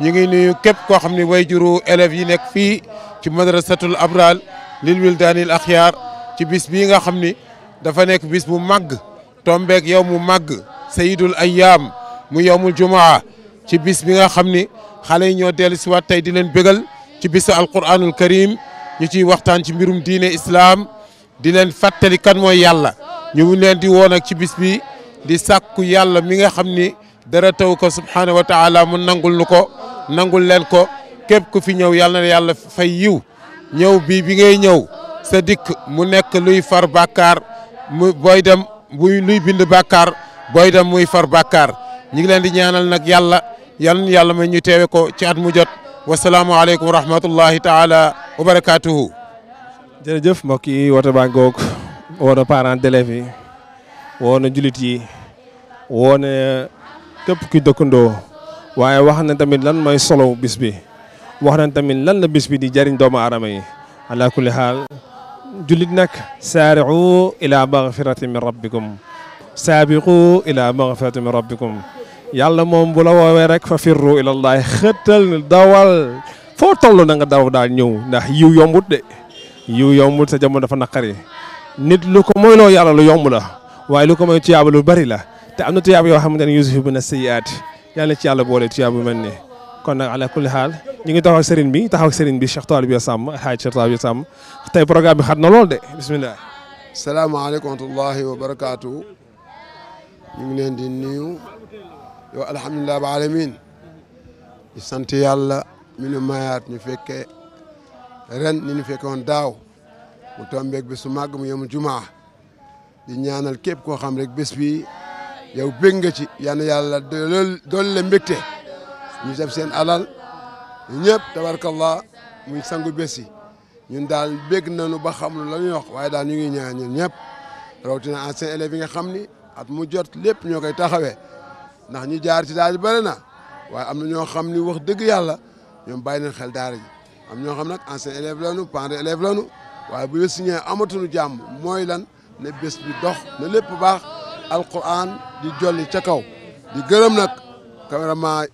ñu ngi nuyu képp koo xam ni way juru élèves yi nekk fii ci madrasatul abral lil wildaanil axyaar ci bis bii nga xam ni dafa nekk bis bu màgg tombeek yow mu màgg sayidul ayyaam mu yowmul jumaa ci bis bi nga xam ni xale yi ñoo dellu si waat tey di leen bégal ci bisu alquranul karim ñu ciy waxtaan ci mbirum diine islaam di leen fàttali kan mooy yàlla ñu leen di woonak ci bis bi di sàkku yàlla mi nga xam ni dara taw ko subhaanahu wa taala mu nangul nu ko nangul leen ko képp ku fi ñëw yàlla na yàlla fay yiw ñëw bii bi ngay ñëw sa dikk mu nekk luy far bàkkaar booy dem muy luy bind bàkkaar booy dem muy far bàkkaar ñu ngi leen di ñaanal nag yàlla yal yàlla mooy ñu teewe ko ci at mu jot wasalaamualeykum wa rahmatullahi taala wa barakaatuhu. jërëjëf mbokk yi woote baa ngoog woo na parents d'élèves yi woo na julit yi woo na képp ki dëkkandoo waaye wax na tamit lan mooy solo bis bi wax na tamit lan la bis bi di jëriñ doomu aadama yi ala kulli xaal julit nag saari'u ila magfirati min rabbikum saabiqu ila magfirati min rabbikum yàlla moom bu la rek fa firru ilallahi xëttal dawal foo toll na nga daw daal ñëw ndax yiw yombut de yiw yombut sa jamono dafa naqari nit lu ko mooy loo yàlla lu yomb la waaye lu ko mooy lu bari la te am na tuyaaba yoo xamante ne yusuf ibn sayyiat yàlla ci yàlla boole tuyaaba mel ni kon nag ala kulli xaal ñu ngi taxaw ak sëriñ bi taxaw sëriñ bi Cheikh Talibou Samb Alhaaj Cheikh Talibou Samb tey programme bi xat na lool de bisimilah. salaamaaleykum wa rahmatullahi yow alhamdulilah ba alamin di sant yàlla mi ñu fekkee ren ni ñu fekke woon daaw mu tombeeg bi su màgg mu yemul jumaa di ñaanal képp koo xam rekk bés bi yow bég nga ci yal na yàlla dool le ñu def seen alal ñëpp tabarkallah muy sangu bés yi ñun daal bég nanu ba xam lu la ñuy wax waaye daal ñu ngi ñaan ñun ñëpp rawatina ancien élèves yi nga xam ni at mu jot lépp ñoo koy taxawee ndax ñu jaar ci daara ji na waaye am na ñoo xam ni wax dëgg yàlla ñoom bàyyi nañ xel daara ji am ñoo xam nag ancien élève lañu pendre élève lañu waaye bu ñu signé amatuñu jàmm mooy lan ne bés bi dox na lépp baax alquran di jolli ca kaw di gërëm nag cameraman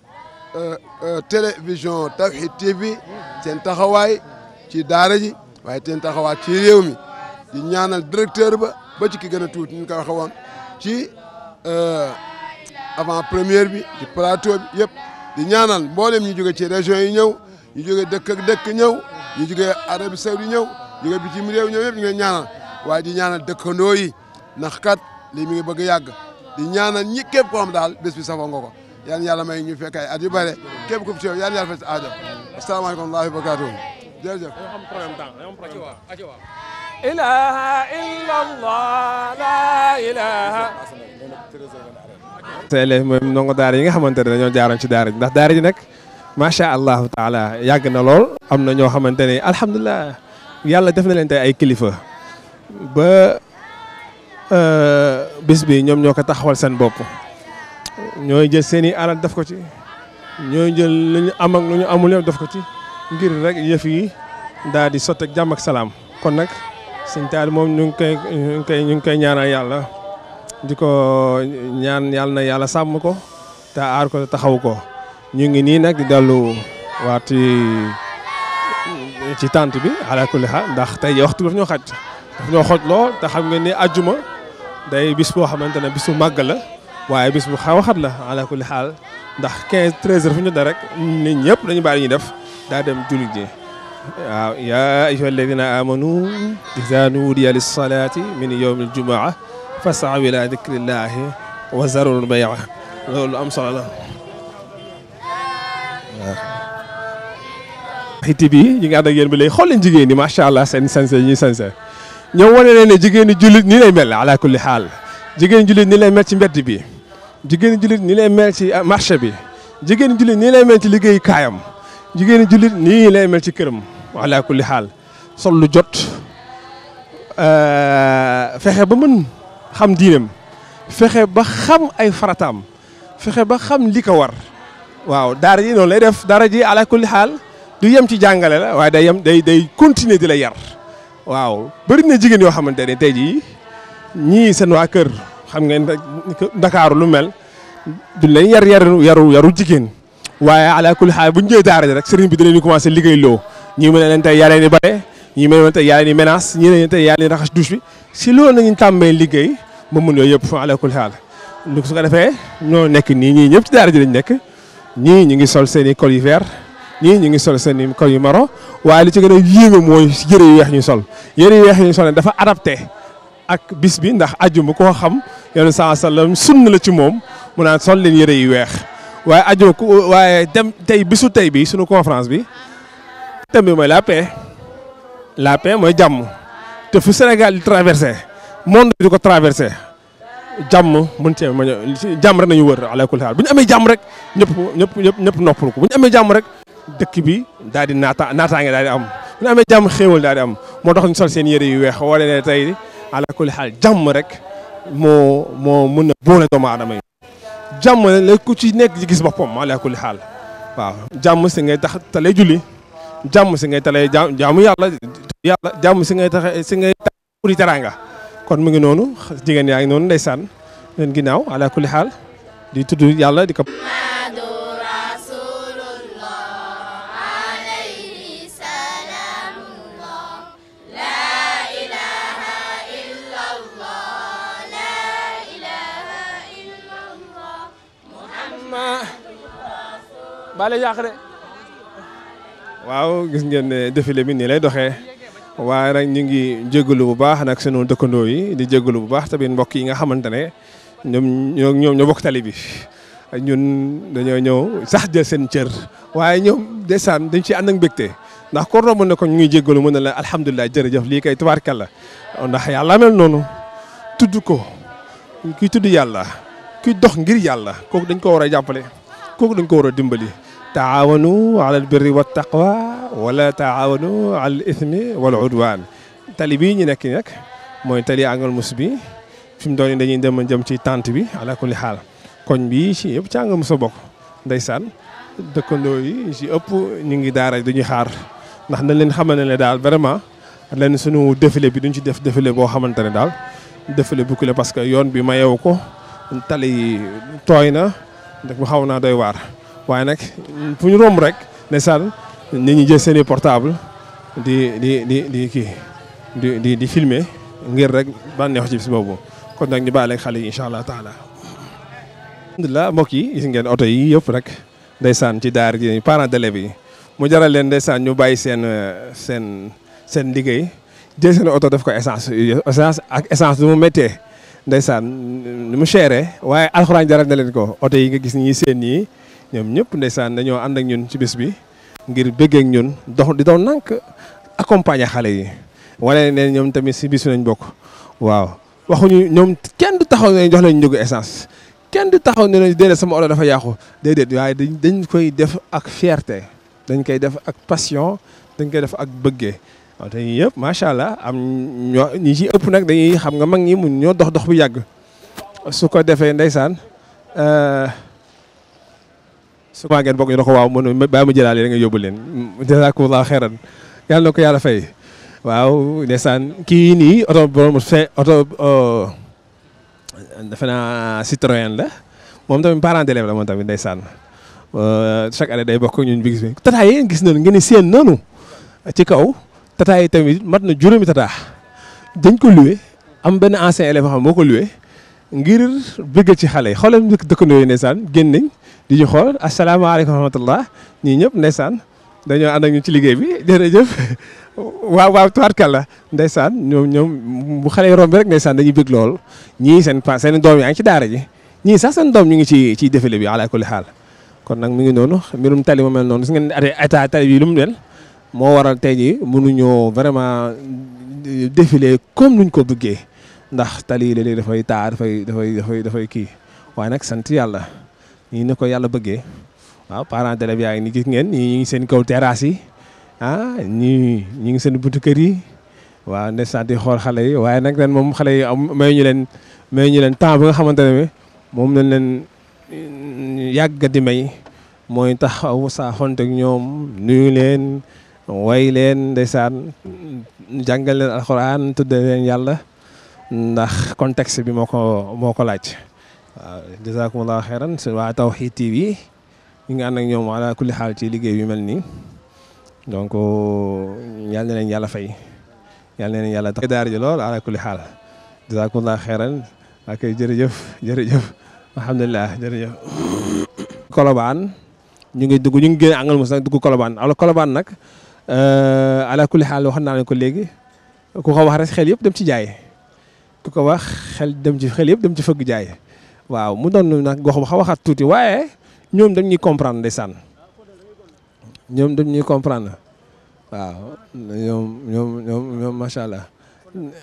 euh, euh, télévision Tawhid TV seen taxawaay ci daara ji waaye seen taxawaay ci réew mi di ñaanal directeur ba ba ci ki gën a tuuti ni ñu ko waxee woon ci euh, avant première bi ci plateau bi yëpp di ñaanal mboolem ñu jóge ci région yi ñëw ñu jóge dëkk ak dëkk ñëw ñu jóge Arabie Saoudi ñëw jóge bitim réew ñëw yëpp ñu ngi ñaanal waaye di ñaanal dëkkandoo yi ndax kat lii mi ngi bëgg yàgg di ñaanal ñi képp ko am daal bés bi safoo nga ko yaan yàlla may ñu fekk ay at yu bare képp ku fi teew yaan yàlla fekk aajo asalaamaaleykum wa rahmatullaahi wa barakaatuh jërëjëf ilaha illa allah la ilaha te élève mooy ndongo daara yi nga xamante ne dañoo jaaroon ci daara ji ndax daara ji nag macha allahu taala yàgg na lool am na ñoo xamante ne alhamdulilah yàlla def na leen tey ay kilifa ba euh, bis bi ñoom ñoo ko taxawal seen bopp ñooy jël seen i alal def ko ci ñooy jël lu ñu am ak lu ñu amul yëpp def ko ci ngir rek yëf yi daal di sotteeg jàmm ak salaam kon nag sëñ taal moom ñu ngi koy ñu ngi koy ñu yàlla di ko ñaan yàlla na yàlla sàmm ko te aar ko taxaw ko ñu ngi nii nag di dellu waati ci tànt bi ala kulli xaal ndax tey waxtu daf ñoo xaj daf loo te xam nga ni àjjuma day bis boo xamante ne bisu màgg la waaye bis bu xaw a xat la ala kulli xaal ndax 15 13 heures fu ñu da rek nit dañu bàyyi ñu def daa dem julli ji waaw yaa ayyuha alladina amanu iza nuudiya salaati min yawmil jumaa fasaa ila dikrillaahi wa zarul bay'a loolu am solo la xiti bi ñi nga ànd ak yéen bi léegi xool leen jigéen ñi macha allah seen sanse ñuy sanse ñoom wane jigéen ñi jullit nii lay mel ala kulli xaal jigéen jullit nii lay ci mbedd bi jigéen jullit nii lay ci ah, marché bi jigéen jullit nii lay mel liggéey kayam jigéen jullit nii lay mel ci këram ala kulli xaal sol lu jot euh, fexe ba mën xam diineem fexe ba xam ay farataam fexe ba xam li ko war waaw daara ji noonu lay def daara ji ala kulli xaal du yem ci jàngale la waaye day yem day day continuer di la yar waaw bëri na jigéen yoo xamante ne tey jii ñii seen waa kër xam ngeen ndakaaru lu mel duñ leen yar yaru yaru yaru jigéen waaye ala kulli xaal bu ñu daara ji rek sëriñ bi dina ñu commencé liggéey loo ñii mën na leen tey yaa leen di bare ñii mën na leen tey yaa leen di menace ñii mën na leen tey yaa leen di raxas douche bi si loolu nañu tàmbee liggéey moom mun yooyu yëpp fa alakul xaal donc su ko defee ñoo nekk nii ñii ñëpp ci daara ji lañ nekk ñii ñu ngi sol seen i col yu vert ñii ñu ngi sol seen i col yu marron waaye li ci gën a yéeme mooy yëre yu weex ñu sol yëre yu weex ñu sol dafa adapté ak bis bi ndax ajjuma koo xam yoonu saa sallam la ci moom mu naan sol leen yëre yu weex waaye ajjuma ku waaye dem tey bisu tey bi suñu confrance bi thème bi mooy la paix mooy jàmm te fu Sénégal di traversé monde di ko traversé jàmm mën cee ma jàmm rek nañu wër ala kulli haal bu ñu amee jàmm rek ñëpp ñëpp ñëpp ñëpp noppal ko bu ñu amee jàmm rek dëkk bi daal di naata naataange daal di am bu ñu amee jàmm xéewal daal am moo tax ñu sol seen yére yu weex wala ne tey ala kulli haal jàmm rek moo moo mën a boole doomu aadama yi. jàmm la ku ci nekk di gis boppam ala kulli haal waaw jàmm si ngay tax talee julli jàmm si ngay talee jaamu yàlla yàlla jàmm si ngay tax si ngay tax pour teraanga kon mu ngi noonu jigéen yaa ngi noonu ndeysaan leen ginnaaw ala kulli xaal di tudd yàlla di ko. baale yàq de waaw gis ngeen ne défilé bi lay doxee. waaye rek ñu ngi jégalu bu baax nag sunu dëkkandoo yi di jégalu bu baax tamit mbokk yi nga xamante ne ñoom ñoo ñoom ñoo bokk tali bi ñun dañoo ñëw sax jël seen cër waaye ñoom desaan dañ ciy ànd ak mbégte ndax ko romb ne ko ñu ngi jégalu mu na la alhamdulilah jërëjëf lii kay tubaarkàlla ndax yàlla mel noonu tudd ko ki tudd yàlla ki dox ngir yàlla kooku dañ ko war a jàppale kooku dañ ko war a dimbali. taawanu alal birri wa taqwa wala taawanu alal ithmi wal udwaan tali bii ñu nekk nag mooy tali Angle Mousse bi fi mu doon dañuy dem jëm ci tente bi ala kulli xaal koñ bi ci yëpp ci Angle bokk bokk ndeysaan dëkkandoo yi ci ëpp ñu ngi daara duñu xaar ndax nañ leen xamal ne daal vraiment leen sunu defile bi duñ ci def défilé boo xamante ne daal défilé bu kule parce que yoon bi mayewu ko tali tooy na ndax bu xaw naa doy waar. waaye nag fu ñu romb rek ndeysaan nit ñi jël seen i portable di di di di kii di di filmer ngir rek bànneex ci bis boobu kon nag ñu bàyyi xale yi incha allah taala. alhamdulilah mbokk yi ngeen oto yi yëpp rek ndeysaan ci daar ji parents d'élèves yi mu jaral leen ndeysaan ñu bàyyi seen seen seen liggéey jël seen oto def ko essence essence ak essence du mu méttee ndeysaan mu chéré waaye alxuraan jaral na leen ko oto yi nga gis ñii seen ñii. ñoom ñëpp ndeysaan dañoo ànd ak ñun ci bis bi ngir bëggee ak ñun dox di doon nank accompagner xale yi wane ne ñoom tamit si bis nañ bokk waaw waxuñu ñoom kenn du taxaw nañ jox leen njëgu essence kenn du taxaw ne leen déedéet sama oto dafa yàqu déedéet waaye dañ dañ koy def ak fierte dañ koy def ak passion dañ koy def ak bëggee te yëpp macha allah am ñoo ñi ci ëpp nag dañuy xam nga mag ñi mun ñoo dox dox bu yàgg su ko defee ndeysaan euh, su maa ngeen bokk ñu ne ko waaw mënu nga yóbbu leen jazakumullah xeeran yàlla na ko yàlla fay waaw ndeysaan kii nii oto borom fe oto oh, defe naa Citroën la moom tamit parent d'élève la moom tamit ndeysaan euh, chaque année day bokk ñun bi gis bi tata yéen gis noonu ci kaw tata yi tamit mat na juróomi tata dañ ko loué am benn ancien élève xam moo ko loué ngir bëgg ci xale yi xoolal dëkkandoo yi ndeysaan génn nañ di ñu xool asalaamaaleykum wa rahmatullah ñii ñëpp ndeysaan dañoo ànd ak ci liggéey bi jërëjëf waaw waaw tubaarkàlla ndeysaan ñoom ñoom bu xale yi romb rek ndeysaan dañuy bëgg lool ñii seen seen doom yaa ngi ci daara ji ñii sax seen doom ñu ngi ci ci défilé bi ala xaal kon nag mu ngi noonu mbirum tali mu mel noonu su ngeen état tali bi lu mu mel moo waral tey jii mënuñoo vraiment défilé comme nuñ ko bëggee ndax tali yi léeg-léeg dafay taar dafay dafay dafay dafay kii waaye nag sant yàlla nii na ko yàlla bëggee waaw parents d'élèves yaa ngi ni gis ngeen ni ñu seen kaw terrasse yi ah ñii ñu ngi seen buntu kër yi waaw ne sant xool xale yi waaye nag ren moom xale yi am may ñu leen may ñu leen temps bi nga xamante ne moom lañ leen mm, yàgg di may mooy taxaw saa xonte ak ñoom nuyu leen way leen ndeysaan jàngal leen alxuraan tudde leen yàlla ndax contexte bi moo ko moo ko laaj waaw jazakumullahu xeyran waa Tawhid TV ñu ngi ànd ak ñoom ala kulli xaal ci liggéey bi mel nii donc yal na leen yàlla fay yal na leen yàlla tax daara ji lool ala kulli xaal jazakumullahu xeyran ak jërëjëf jërëjëf alhamdulilah ñu ngi dugg ñu ngi génn angal mos nag dugg Colobane alors Colobane nag ala kulli xaal naa ko léegi ku ko wax xel yëpp dem ci jaay ku ko wax xel dem ci xel yëpp dem ci fëgg jaay waaw mu doon nag gox bu xaw a xat tuuti waaye ñoom dañuy comprendre ndeysaan ñoom dañuy comprendre waaw ñoom macha allah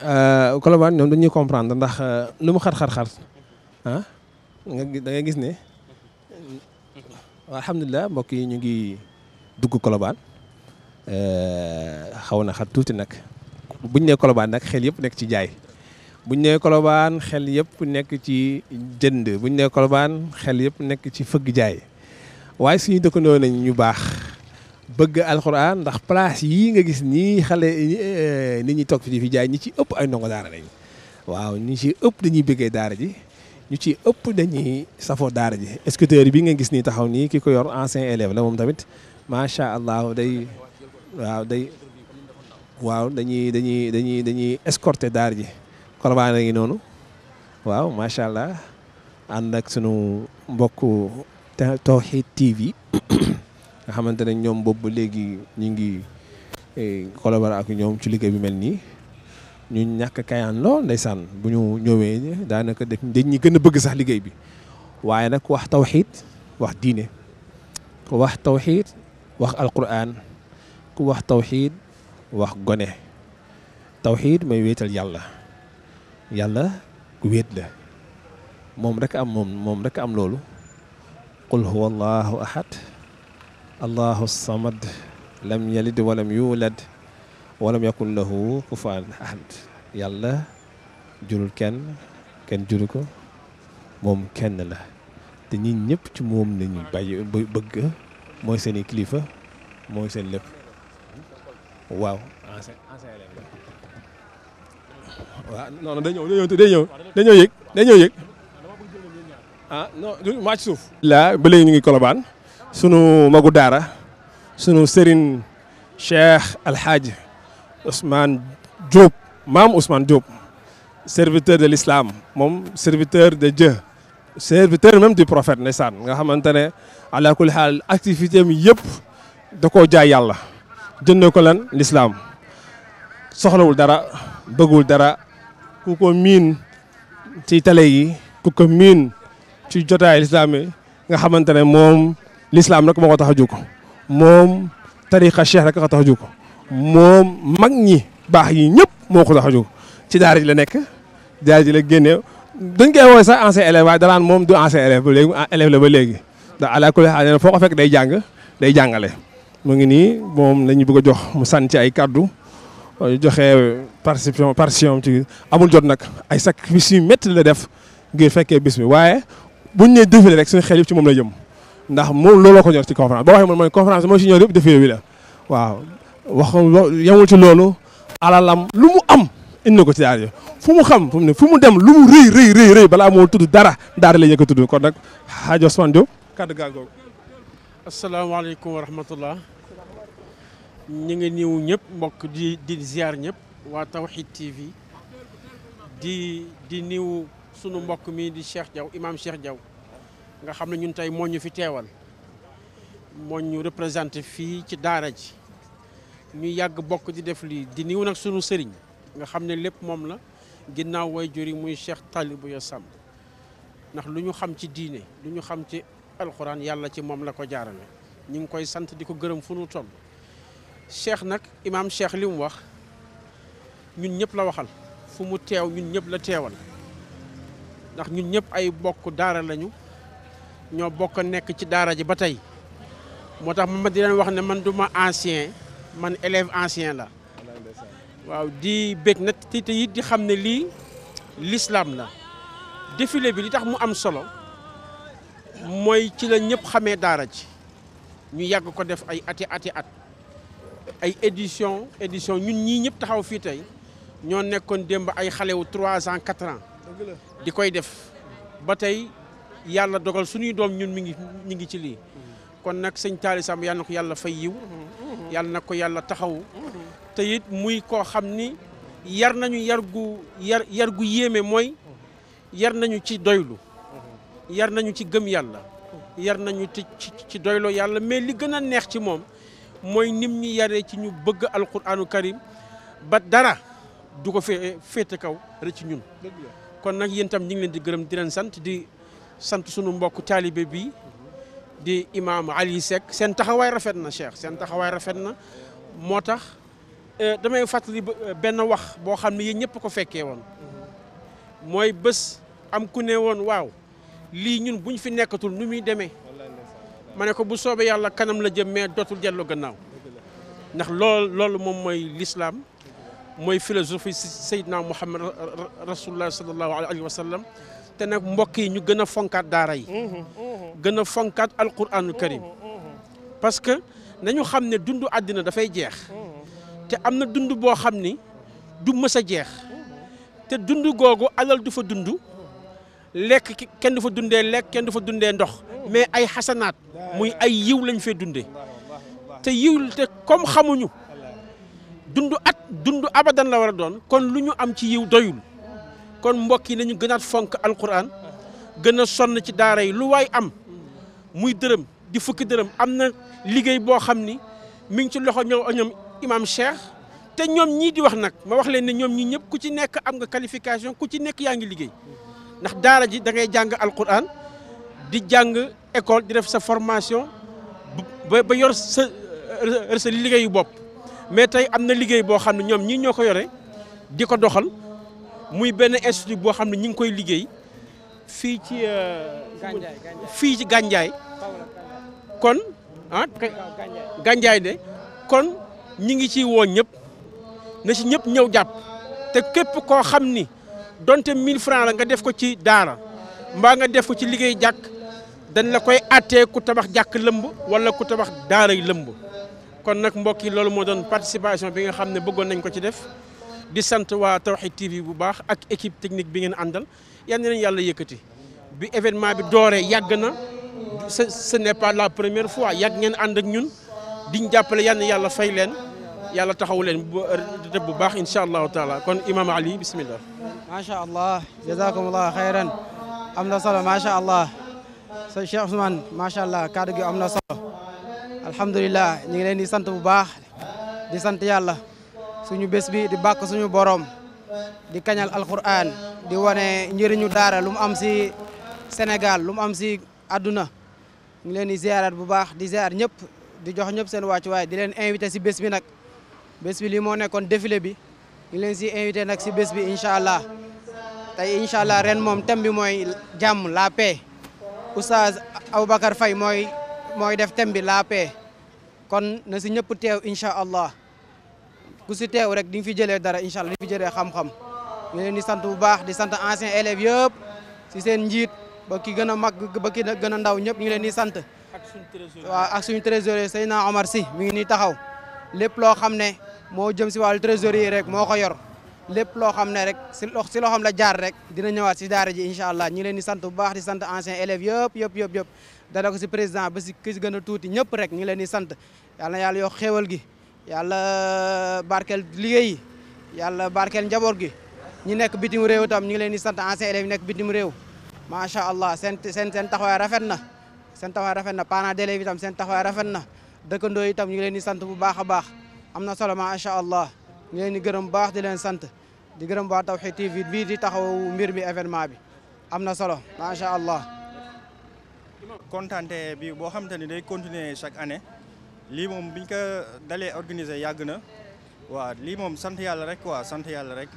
euh, Colobane ñoom dañuy comprendre ndax euh, lu mu xar-xar-xar ah da ngay gis ne alhamdulilah mbokk yi ñu ngi dugg Colobane euh, xaw na xat tuuti nag buñ ne kolobaan nag xel yëpp nekk ci jaay. bu buñ nee Colobane xel yëpp nekk ci jënd buñ nee Colobane xel yëpp nekk ci fëgg jaay waaye suñu dëkkandoo nañ ñu baax bëgg alxuraan ndax place yii nga gis nii xale eh, nit ñi toog fi di fi jaay ñi ci ëpp ay ndongo daara lañ waaw ñi ci ëpp dañuy bëggee daar ji ñu ci ëpp dañuy safoo daar ji scooter bi nga gis nii taxaw nii ki ko yor ancien élève la moom tamit macha allah day waaw day waaw dañuy dañuy dañuy dañuy escorter daara ji Colobane a noonu waaw macha allah ànd ak sunu mbokku Tawhid TV *coughs* nga xamante ne ñoom boobu ba léegi ñu ngi eh, collaboré ak ñoom ci liggéey bi mel nii ñu ñàkk kayaan lool ndeysaan bu ñu ñëwee daanaka dañ ñi gën a bëgg sax liggéey bi waaye nag wax tawhid wax diine ku wax tawhid wax alquran ku wax tawhid wax gone tawhid may wéetal yàlla yàlla ku wéet la moom rekk am moom moom rek am loolu qul huwa allahu ahad allahu samad lam yalid walam yuulad walam yakun lahu kufaan ahad yàlla jurul kenn kenn juru ko moom kenn la te ñi ñëpp ci moom lañu bàyyi bëgg mooy seeni kilifa mooy seen lépp waaw waaw non non day ñëw day ñëw day ñëw day ñëw yëg day ñëw yëg ah non maa ci suuf. la ba léegi ñu ngi kolobaan sunu magu daara sunu Serigne Cheikh Alhaji Ousmane Diop maam Ousmane Diop serviteur de l'islam moom serviteur de Dieu serviteur même du prophète ndeysaan nga xamante ne ala kulli xaal activité am yëpp da koo jaay yàlla jëndee ko lan l'islam soxlawul dara. bëggul dara ku ko miin ci tale yi ku ko miin ci jotaay lislaam yi nga xamante ne moom lislaam rek moo ko tax a jóg moom tariqa cheikh rek ko tax a jóg moom mag ñi baax yi ñëpp moo ko tax a jug ci daara ji la nekk daara ji la génne dañ koy woowee sax ancien élève waaye danaan moom du ancien élève ba léegi élève la ba léegi ndax ala foo ko fekk day jàng day jàngale mu ngi nii moom la ñu a jox mu sànni ci ay kàddu joxe euh, participation partition ci amul jot nag ay sacrifice yu métti la def ngir fekkee bis mi waaye buñ nee défilé rek suñu xel yëpp ci moom la jëm ndax moom looloo ko ñor ci conférence boo waxee moom mooy conférence moo si ñor yëpp défilé wi la waaw wax yemul ci loolu alalam lu mu am indi ko ci daara fu mu xam fu mu ne fu mu dem lu mu rëy rëy rëy balaa moo tudd dara daara la ñu ko tudd kon nag Hadj Ousmane Diop kàddu gaa googu asalaamaaleykum wa rahmatullah ñu ngi niw ñëpp mbokk di di ziar ñëpp waa Tawhid TV di di niw sunu mbokk mi di Cheikh jaw imam Cheikh Diaw nga xam ne ñun tey moo ñu fi teewal moo ñu représenté fii ci daara ji ñu yàgg bokk di def lii di niw nag sunu sëriñ nga xam ne lépp moom la ginnaaw way juri muy Cheikh Talibou ya sàmm ndax lu ñu xam ci diine lu ñu xam ci alxuraan yàlla ci moom la ko jaarale ñu ngi koy sant di ko gërëm fu nu toll cheikh nag imaam cheikh li mu wax ñun ñëpp la waxal fu mu teew ñun ñëpp la teewal ndax ñun ñëpp ay bokk daara lañu ñoo bokk nekk ci daara ji ba tey moo tax ma di wax ne man duma ancien man élève ancien la waaw di bég nag te it di xam ne lii l'islam la défilé bi li tax mu am solo mooy ci la ñëpp xamee daara ji ñu yàgg ko def ay ati ati at ay édition édition ñun ñii ñëpp taxaw fii tey ñoo nekkoon démb ay xalewu trois ans quatre ans di koy def ba tey yàlla dogal suñuy doom ñun mi ngi ñu ngi ci lii kon nag sëñ Talla Samb yàlla na ko yàlla fay yiw yàlla na ko yàlla taxaw te it muy koo xam ni yar nañu yar yar yar gu yéeme mooy yar nañu ci doylu yar nañu ci gëm yàlla yar nañu ci ci doylu yàlla mais li gën a neex ci moom mooy nim ñi yare ci ñu bëgg alquranu karim ba dara du ko fee féete kaw rek ci ñun kon nag yéen tam ñu ngi leen di gërëm di leen sant di sant sunu mbokk taalibe bi di imaam Ali Seck seen taxawaay rafet na Cheikh seen taxawaay rafet na moo tax euh, damay fàttali euh, benn wax boo xam ne yéen ñëpp ko fekkee woon mooy bés am ku ne woon waaw lii ñun buñ fi nekkatul nu muy demee ma ne ko bu soobee yàlla kanam la jëm mais dootul jellu gannaaw ndax lool loolu moom mooy lislaam mooy philosophie Seydina Muhammad rasulullah sallallahu alayhi wa sallam te nag mbokk yi ñu gën a fonkaat daara yi mm-hmm, mm-hmm. gën a fonkaat alquraanul karim mm-hmm, parce que nañu xam ne dund àddina dafay jeex te am na dund boo xam ni du mës a jeex te dund googu alal du fa dund lekk kenn du fa dundee lekk kenn du fa dundee ndox mais ay xasanaat muy ay yiw lañ fee dundee te yiw te comme xamuñu dund at dund abadan la war a doon kon lu ñu am ci yiw doyul kon mbokk yi nañu gënaat fonk alquran gën a sonn ci daara yi lu waay am muy dërëm di fukki dërëm am na liggéey boo xam ni mu ngi ci loxo ñoo ñoom imam Cheikh te ñoom ñii di wax nag ma wax leen ne ñoom ñi ñëpp ku ci nekk am nga qualification ku ci nekk yaa ngi liggéey ndax daara ji da ngay jàng alquran di jàng école di def sa formation ba ba yor sa liggéeyu bopp mais tey am na liggéey boo xam ne ñoom ñii ñoo ko yore di ko doxal muy benn institut boo xam ne ñi ngi koy liggéey fii ci. Euh, fii ci Gandiaye kon ah. Gandiaye de kon ñi ngi ci woo ñëpp na ci ñëpp ñëw jàpp te képp koo xam ni donte 1000 francs la nga def ko ci daara mbaa nga def ko ci liggéey jàkk dañ la koy atte ku tabax jàkk lëmb wala ku tabax daaray lëmb kon nag mbokk yi loolu moo doon participation bi nga xam ne bëggoon nañ ko ci def di sant waa Tawhid TV bu baax ak équipe technique bi ngeen àndal yal na leen yàlla yëkkati bi événement bi dooree yàgg na ce par la première fois yàgg ngeen ànd ak ñun diñ jàppale yal na yàlla fay leen yàlla taxaw leen bu baax incha allah taala kon imam Ali bismillah macha allah jazakumullah xayran am na solo macha allah so Cheikh Ousmane macha allah kaddu gi am na solo alhamdulillah ñu ngi leen di sant bu baax di sant yàlla suñu bés bi di bàkk suñu boroom di kañal alquran di wane ñu daara lu mu am si Sénégal lu mu am si àdduna ñu leen di ziarat bu baax di ziar ñëpp di jox ñëpp seen wàccuwaay di leen invité si bés bi nag bés bi lii moo nekkoon défilé bi ñu leen si invité nag si bés bi incha allah tey incha allah ren moom thème bi mooy jàmm la oustaz Aboubacar Faye mooy mooy def thème bi la kon na si ñëpp teew incha allah ku si teew rek di nga fi jëlee dara incha allah di fi jëlee xam-xam ñu leen di sant bu baax di sant anciens élèves yëpp si seen njiit ba ki gën a mag ba ki gën a ndaw ñëpp ñu leen di sant. ak suñu trésorier waaw ak suñu trésorier Omar Sy mi ngi nii taxaw lépp loo xam ne moo jëm si wàllu yi rek moo ko yor. lépp loo xam ne rek si loo si loo xam la jaar rek dina ñëwaat si daara ji allah ñu leen di sant bu baax di sant anciens élèves yëpp yëpp yëpp yëpp dana ko si président ba si ki si gën tuuti ñëpp rek ñu leen di sant yàlla na yàlla yokk xéewal gi yàlla barkel liggéey yi yàlla barkeel njaboot gi ñi nekk bitim réew itam ñu ngi leen di sant anciens élèves yi nekk bitim réew macha allah sent seen seen rafet na seen taxawaay rafet na parents d'élèves itam seen taxawaay rafet na dëkkandoo itam ñu ngi leen di sant bu baax a baax am na solo macha allah ñu leen di gërëm baax di leen sant di gërëm waa Tawhid TV bii di taxaw mbir mi événement bi am na solo macha allah. kontante bi boo xamante ni day continuer chaque année lii moom biñ ko dalee organiser yàgg na waaw lii moom sant yàlla rek quoi sant yàlla rek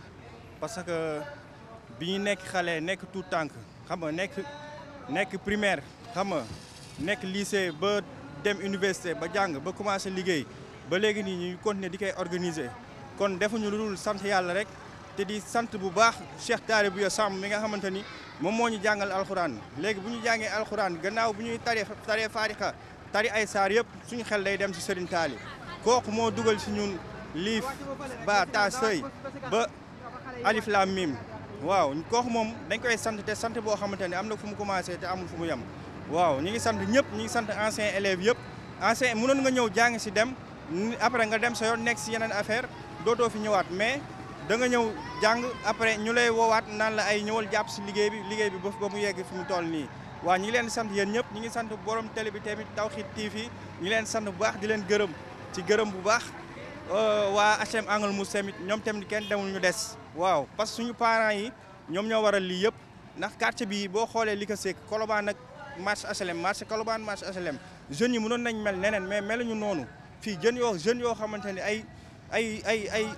parce que bi ñu nekk xale nekk tout tànk xam nga nekk nekk primaire xam nga nekk lycée ba dem université ba jàng ba commencé liggéey ba léegi nii ñu continuer di koy organiser. kon defuñu lu dul sant yàlla rek te di sant bu baax Cheikh Daara Buya Samb mi nga xamante ni moom moo ñu jàngal alxuraan léegi bu ñu jàngee alxuraan gannaaw bu ñuy tari tari faarixa tari ay saar yëpp suñu xel day dem si Serigne Taali kooku moo dugal si ñun liif ba ta sëy ba alif laam miim waaw kooku moom dañ koy sant te sant boo xamante ne am na fu mu commencé te amul fu mu yem waaw ñu ngi sant ñëpp ñu ngi sant ancien élèves yëpp ancien mënoon nga ñëw jàng si dem après nga dem sa nekk si yeneen affaire dootoo fi ñëwaat mais da nga ñëw jàng après ñu lay woowaat nan la ay ñëwal jàpp si liggéey bi liggéey bi ba mu yegg fi mu toll nii waa ñi leen sant yéen ñëpp ñi ngi sant borom télé bi tamit Tawhid TV ñi leen sant bu baax di leen gërëm ci gërëm bu baax waa HM Angle Mousse tamit ñoom tamit kenn demul ñu des waaw parce que suñu parents yi ñoom ñoo waral lii yëpp ndax quartier bi boo xoolee li ko seek Colobane nag marché HLM marché Colobane marché HLM jeunes yi mënoon nañ mel neneen mais meluñu noonu fii jeunes yoo jeunes yoo xamante ne ay ay ay ay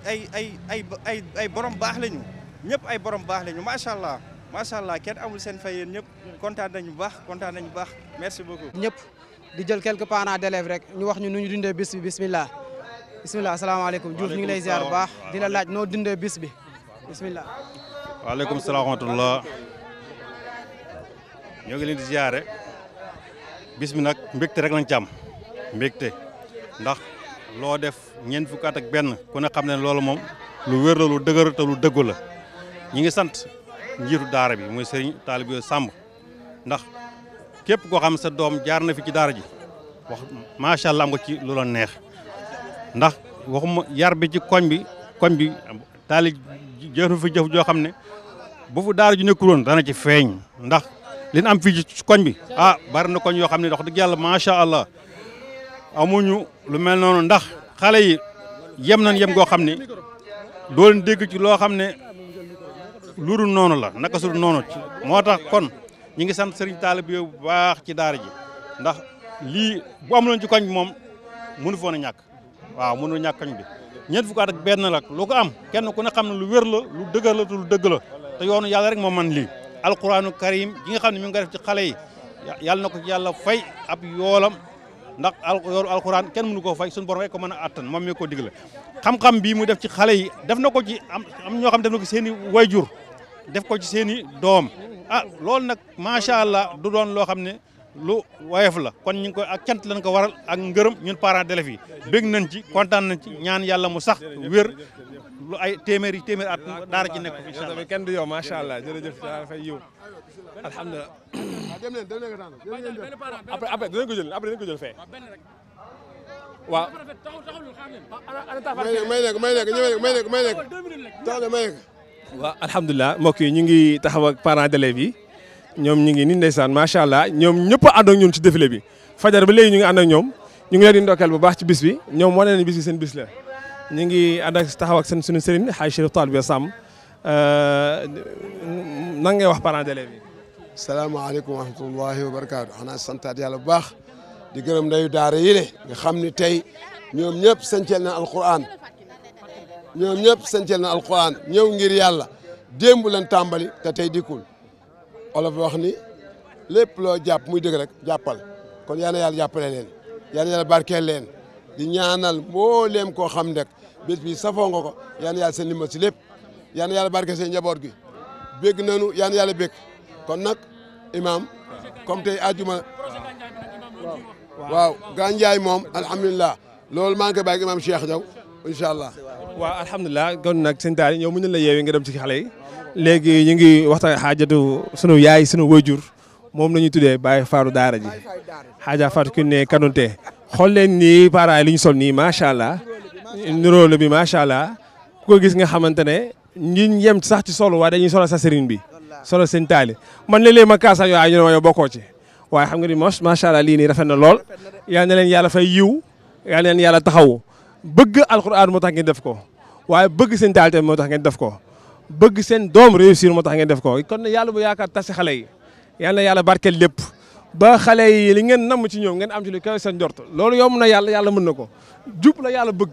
ay ay ay ay ay borom baax lañu ñëpp ay borom baax lañu macha allah macha allah kenn amul seen fay yéen ñëpp kontaan nañu bu baax kontaan nañu bu baax merci beaucoup. ñëpp di jël quelques parents d'élèves rek ñu wax ñu nu ñu dundee bis bi bismillah bismillah asalaamaaleykum Diouf ñu ngi lay baax di la laaj noo dundee bis bi bismillah. waaleykum salaam wa ñoo ngi leen di ziare bis nag mbégte rek lañ ci am ndax loo def. ñeent fukki at ak benn ku ne xam ne loolu moom lu wér la lu dëgër lu dëggu la ñi ngi sant njiitu daara bi muy sëriñ Talibe Samb ndax képp koo xam sa doom jaar na fi ci daara ji wax macha ci lu neex ndax waxuma yar bi ci koñ bi koñ bi taali jëru fi joo xam ne bu fu daara ju woon dana ci feeñ ndax li am fii koñ bi ah bari na koñ yoo xam ne wax dëgg yàlla macha allah amuñu lu mel noonu ndax. xale yi yem nañ yem goo xam ne doo leen dégg ci loo xam ne lu dul noonu la naka su dul noonu moo tax kon ñi ngi sant sëriñ taalibe bi bu baax ci daar ji ndax lii bu amuloon ci koñ bi moom mënu foon a ñàkk waaw mënu ñàkk koñ bi ñeent fukk at na benn la lu ko am kenn ku ne xam ne lu wér la lu dëgër la te lu dëgg la te yoonu yàlla rek moo man lii alquraanu karim gi nga xam ne mi ngi def ci xale yi yàlla na ko ci yàlla fay ab yoolam ndax al yoru alxuraan kenn mënu ko fay suñu borom rek ko mën a attan moom mi ko digle xam-xam bii mu def ci xale yi def na ko ci am am ñoo xam def na ko seen i wayjur def ko ci seen i doom a ah, loolu nag macha allah du doon loo xam ne lu woyof la kon ñu ngi koy ak cant lañ ko waral ak ngërëm ñun parents d'élèves yi bég nañ ci kontaan nañ ci ñaan yàlla mu sax wér lu ay téeméeri téeméeri at daara ci nekk incha allah kenn du yow macha allah alhamdulilah. waaw dem leen dem leen waaw. Ah, may nekk may nekk may nekk may nekk taxaw mbokk yi ñu ngi taxaw ak parents d'élèves ñoom ñu ngi nii ndeysaan macha allah ñoom ñëpp ànd ak ñun ci défilé bi fajar ba léegi ñu ngi ànd ak ñoom ñu ngi leen di ndokkeel bu baax ci bis bi ñoom wane nañu bis bi seen bis la ñu ngi ànd ak taxaw ak seen sunu sëriñ xaaj Chérif Tall bi Samb euh, nan ngay wax parents d'élèves salaamaaleykum wa rahmatullahi wa barakaatu xanaa santaat yàlla bu baax di gërëm ndeyu daara yi le nga xam ni tey ñoom ñëpp sancel na alquran ñoom ñëpp sancel na alquran ñëw ngir yàlla démb lan tàmbali ta tey dikkul olof wax ni lépp loo jàpp muy dëgg rek jàppal kon yal na yàlla jàppale leen yal na yàlla barkeel leen di ñaanal mbooleem koo xam ndek bés bi safoo nga ko yal na yàlla seen limal si lépp yal yàlla barkeel seen njaboot gi bégg nanu yal na yàlla bégg kon nag imaam comme tey ajuma waaw gànjaay moom alhamdulilah loolu maa ngi koy bàyyi imaam Cheikh Diaw incha allah. waaw alhamdulilah kon nag sëñ Tall ñoom mu ñu la yeewee nga dem ci xale yi léegi ñu ngi waxtaan xaajatu sunu yaay sunu wayjur moom la ñuy tuddee Baye Faaru Daara ji xaaja Fatou Kiné Kanouté xool leen nii paraay li ñu sol nii macha allah niróo la bi macha allah ku ko gis nga xamante ne ñi yem sax ci solo waaye dañuy solo sa sëriñ bi. solo sëñ man léeg-léeg ma kaasa yow ñu ne ma yow bokkoo ci waaye xam nga ni mos lii nii rafet na lool yal na leen yàlla fay yiw yal na leen yàlla taxawu bëgg alxuraan moo tax ngeen def ko waaye bëgg sëñ taali tamit moo tax ngeen def ko bëgg seen doom réussir moo tax ngeen def ko kon yàlla bu yaakaar tas si xale yi yal na yàlla barkeel ba xale yi li ngeen namm ci ñoom ngeen am ci lu kawe seen njort loolu yomb na yàlla yàlla mën na ko jub la yàlla bëgg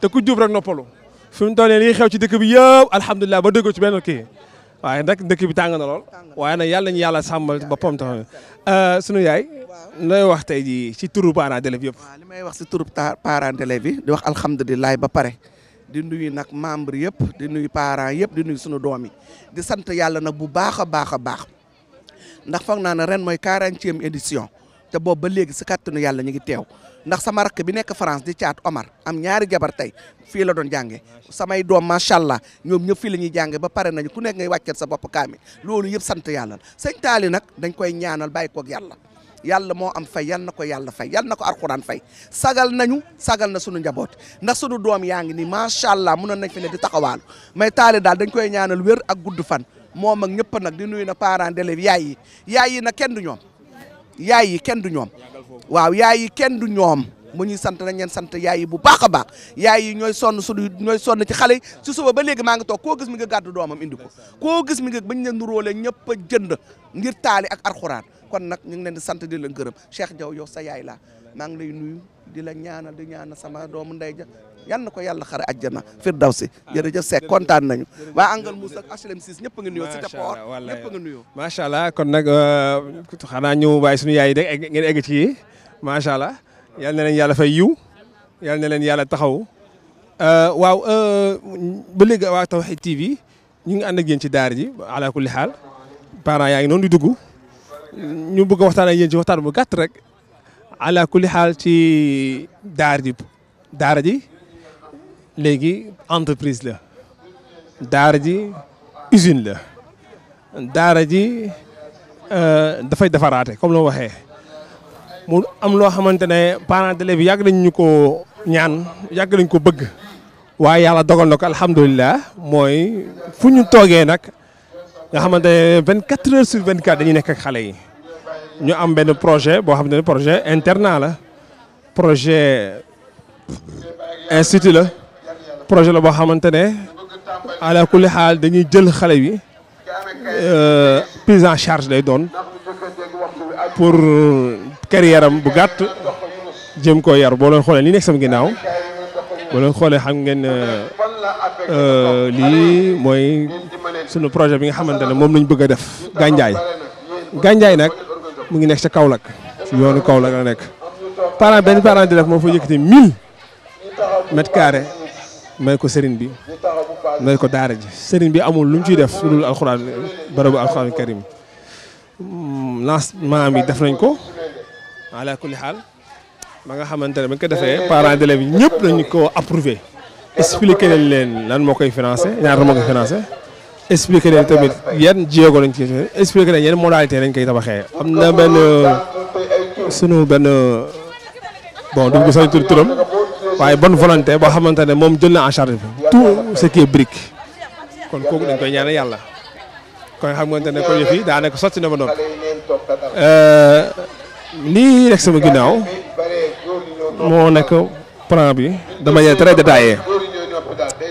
te ku jub rek noppalu fi mu toll nii li xew ci dëkk bi yëpp alhamdulilah ba déggoo ci benn kii waaye nag dëkk bi tàng na lool waaye na yàlla ñu yàlla sàmmal boppam tax euh, sunu yaay nooy wax tey ji si turu parents d'élèves yëpp waaw li may wax si turu parents d'élèves yi di wax alhamdulilah ba pare di nuyu nag membre yëpp di nuyu parents yëpp di nuyu sunu doom yi di sant yàlla nag bu baax a baax a baax ndax foog naa ne ren mooy quarantième édition te boobu ba léegi si kàttanu yàlla ñu ngi teew ndax sama rakk bi nekk France di caat Omar am ñaari jabar tey fii la doon jànge samay doom macha allah ñoom ñëpp fii la ñuy jànge ba pare nañu ku nekk ngay wàcceel sa bopp kaami loolu yëpp sant yàlla sëñ taali nag dañ koy ñaanal bàyyi koog yàlla yàlla moo am fay yal na ko yàlla fay yal na ko alxuraan fay sagal nañu sagal na sunu njaboot ndax sunu doom yaa ngi nii macha allah munoon nañ fi ne di taxawaalu may taali daal dañ koy ñaanal wér ak gudd fan moom ak ñëpp nag di nuyu na parents yaay yaay yi nag kenn du ñoom yaay yi kenn du ñoom waaw yaay yi kenn du ñoom mu ñuy sant nañ leen sant yaay yi bu baax a baax yaay yi ñooy sonn suñu ñooy sonn ci xale yi suba ba léegi maa ngi toog koo gis mi nga gàddu doomam indi ko koo gis mi nga bañ leen nuróole ñëpp a jënd ngir taali ak arxuraan kon nag ñu ngi leen di sant di la gërëm Cheikh Diaw yow sa yaay laa maa ngi lay nuyu di la ñaanal di ñaanal sama doomu ndey ja yal na ko yàlla xare àjjana firdawsi jërëjëf Seck kontaan nañu waa Angle Mousse ak HLM 6 ñëpp nga nuyoo Cité Port ñëpp nga nuyoo macha allah kon nag euh, xanaa ñu bàyyi suñu yaay yi rek ngeen egg ci macha allah yal na leen yàlla fay yiw yal na leen yàlla taxaw euh, waaw euh, ba léegi waa Tawhid TV ñu ngi ànd ak ci daar ji ala kulli xaal yaa ngi noonu di dugg ñu bëgg waxtaan ak yéen ci waxtaan bu rek ala ci daar ji léegi entreprise la daara ji usine la daara ji euh, dafay defaraate comme loo waxee mu am loo xamante ne parents d'élèves bi yàgg nañ ñu ko ñaan yàgg nañ ko bëgg waaye yàlla dogal na ko mooy fu ñu toogee nag nga xamante ne vingt quatre heures sur vingt quatre dañuy nekk xale yi ñu am benn projet boo xam ne projet internat la projet institut la projet la boo xamante ne ala kulli xaal dañuy jël xale yi euh, prise en charge lay doon pour carrière am bu gàtt jëm ko yar boo leen xoolee ni nekk sama ginnaaw boo leen xoolee xam ngeen euh, lii mooy sunu projet bi nga xamante ne moom lañ bëgg a def gànjaay gànjaay nag mu ngi nekk ca Kaolack ci yoonu Kaolack la nekk parent benn parent di def moo fa yëkkati 1000 mètres carrés may ko sëriñ bi may ko daara ji sëriñ bi amul luñ mu ciy def lu dul alxuraan barabu alxuraan karim mm, lancement bi def nañ ko la kulli xaal ba nga xamante ne ba ñu ko defee parent d'élèves yi ñëpp dañu ko approuvé expliqué leen leen lan moo koy financé ñaar moo koy financé expliqué leen tamit yan jéego lañ ci explique leen yan modalité lañ koy tabaxee am na benn sunu benn bon du ko sañ turam waaye bon volonté boo xamante ne moom jël na en charge bi tout ce qui est brique kon kooku dañ koy ñaanal yàlla kon xam nga ne ko yëf yi sotti na ba noppi euh, lii sama ginnaaw moo nekk plan bi de manière très détaillée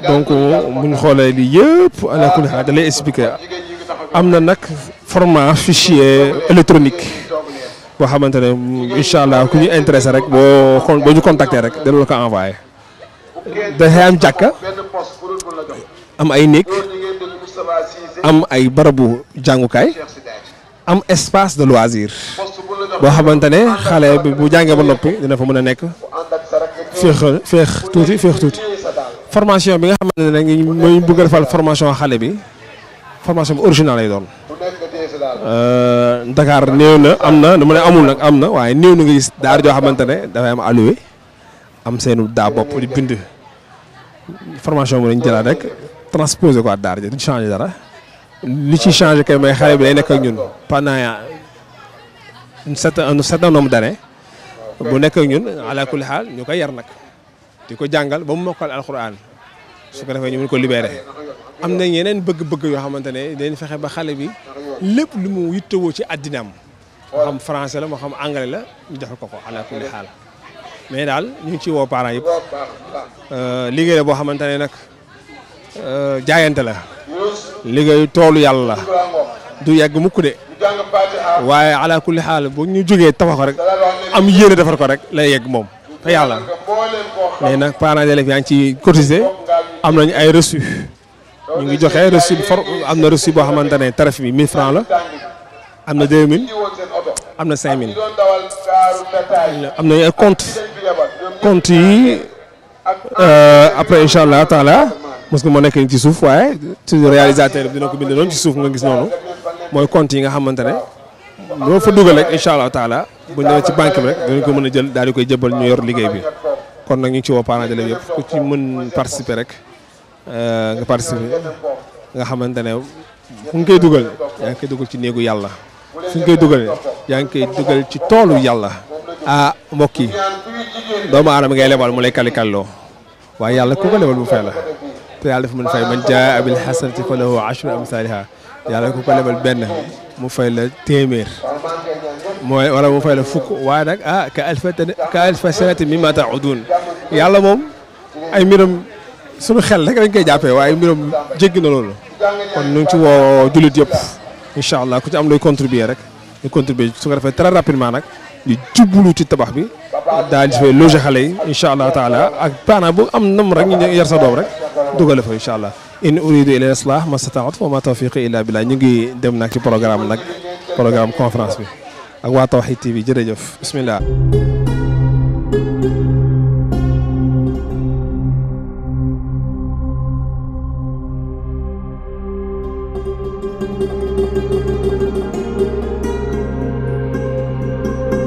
donc bu ñu xoolee lii yëpp alaakulli da lay expliquer am na nag format fichier électronique. boo xamante ne incha allah ku ñu intéressé rek boo kon boo ñu contacter rek dina la ko envoyé. dafay am jàkka am ay néeg am ay barabu jàngukaay am espace de loisir boo xamante ne xale bi bu jàngee ba noppi dina fa mën a nekk féex féex tuuti féex tuuti. formation bi nga xamante ne nag mooy bugga a defal formation xale bi formation bi original lay doon. Euh, Dakar néew na am na dama ne amul nag am na waaye néew na nga gis joo xamante ne dafay am alloué am seenu daa bopp di bind formation bi dañu rek transposé ko dara li ci changé kay may xale bi day nekk ak ñun bu nekk ñun ala kulli xaal ñu koy yar nag di ko jàngal ba mu mokkal alxuraan su ko defee ñu mun ko libéré am na yeneen bëgg-bëgg yoo xamante ne dañ fexe ba xale bi lépp lu mu yittewoo ci addinaam. moo xam français la moo xam anglais la ñu defal ko ko ala kulli xaal. mais daal ñu ci woo parents yëpp euh, liggéey la boo xamante ne nag euh, jaayante la. liggéeyu toolu yàlla la. du yàgg mukk de. waaye ala kulli xaal bu ñu jógee tabax ko rek am yéene defar ko rek lay yegg moom te yàlla mais nag parents d'élèves yaa ngi ci cotisé am nañu ay reçu ñu ngi joxe reçu for am na reçu boo xamante ne tarif bi francs la am na 2000 am na 5000 am na compte compte yi euh, après incha allah taala mos nga moo nekk ci suuf waaye suñu réalisateur bi dina ko bind noonu ci suuf nga gis noonu mooy compte yi nga xamante ne loo fa dugal rek incha allah taala bu ñëwee ci banque bi rek dinañ ko mën a jël daal di koy jëbal ñu yor liggéey bi kon nag ñu ngi ci woo parents d'élèves yëpp ku ci mën participer rek. Euh, nga participer nga xamante ne fu dugal yaa ngi dugal ci néegu yàlla fu nga dugal yaa ngi dugal ci toolu yàlla ah mbokk yi doomu aadama ngay lebal mu lay kali kalloo waaye yàlla ku ko mu fay la te yàlla dafa mën fay man jaa abil hasanati falahu ashru amsaliha yàlla ku ko lebal benn mu fay la téeméer mooy wala mu fay la fukk waaye nag ah ka alfa ka alfa sanati mimma taudun moom ay mbiram suñu xel rek dañ koy jàppee waaye mbiram jéggi na loolu kon ñu ngi ci woo jullit yëpp incha allah ku ci am looy contribuer rek ñu contribuer su ko defee très rapidement nag ñu jublu ci tabax bi daal di fay loger xale yi incha allah taala ak paana bu am nam rek ñu yar sa doom rek dugale fa incha allah in uridu ila islah ma stataat wa ma tawfiqi illa billah ñu ngi dem nag ci programme nag programme conférence bi ak waa Tawhid TV jërëjëf bismillah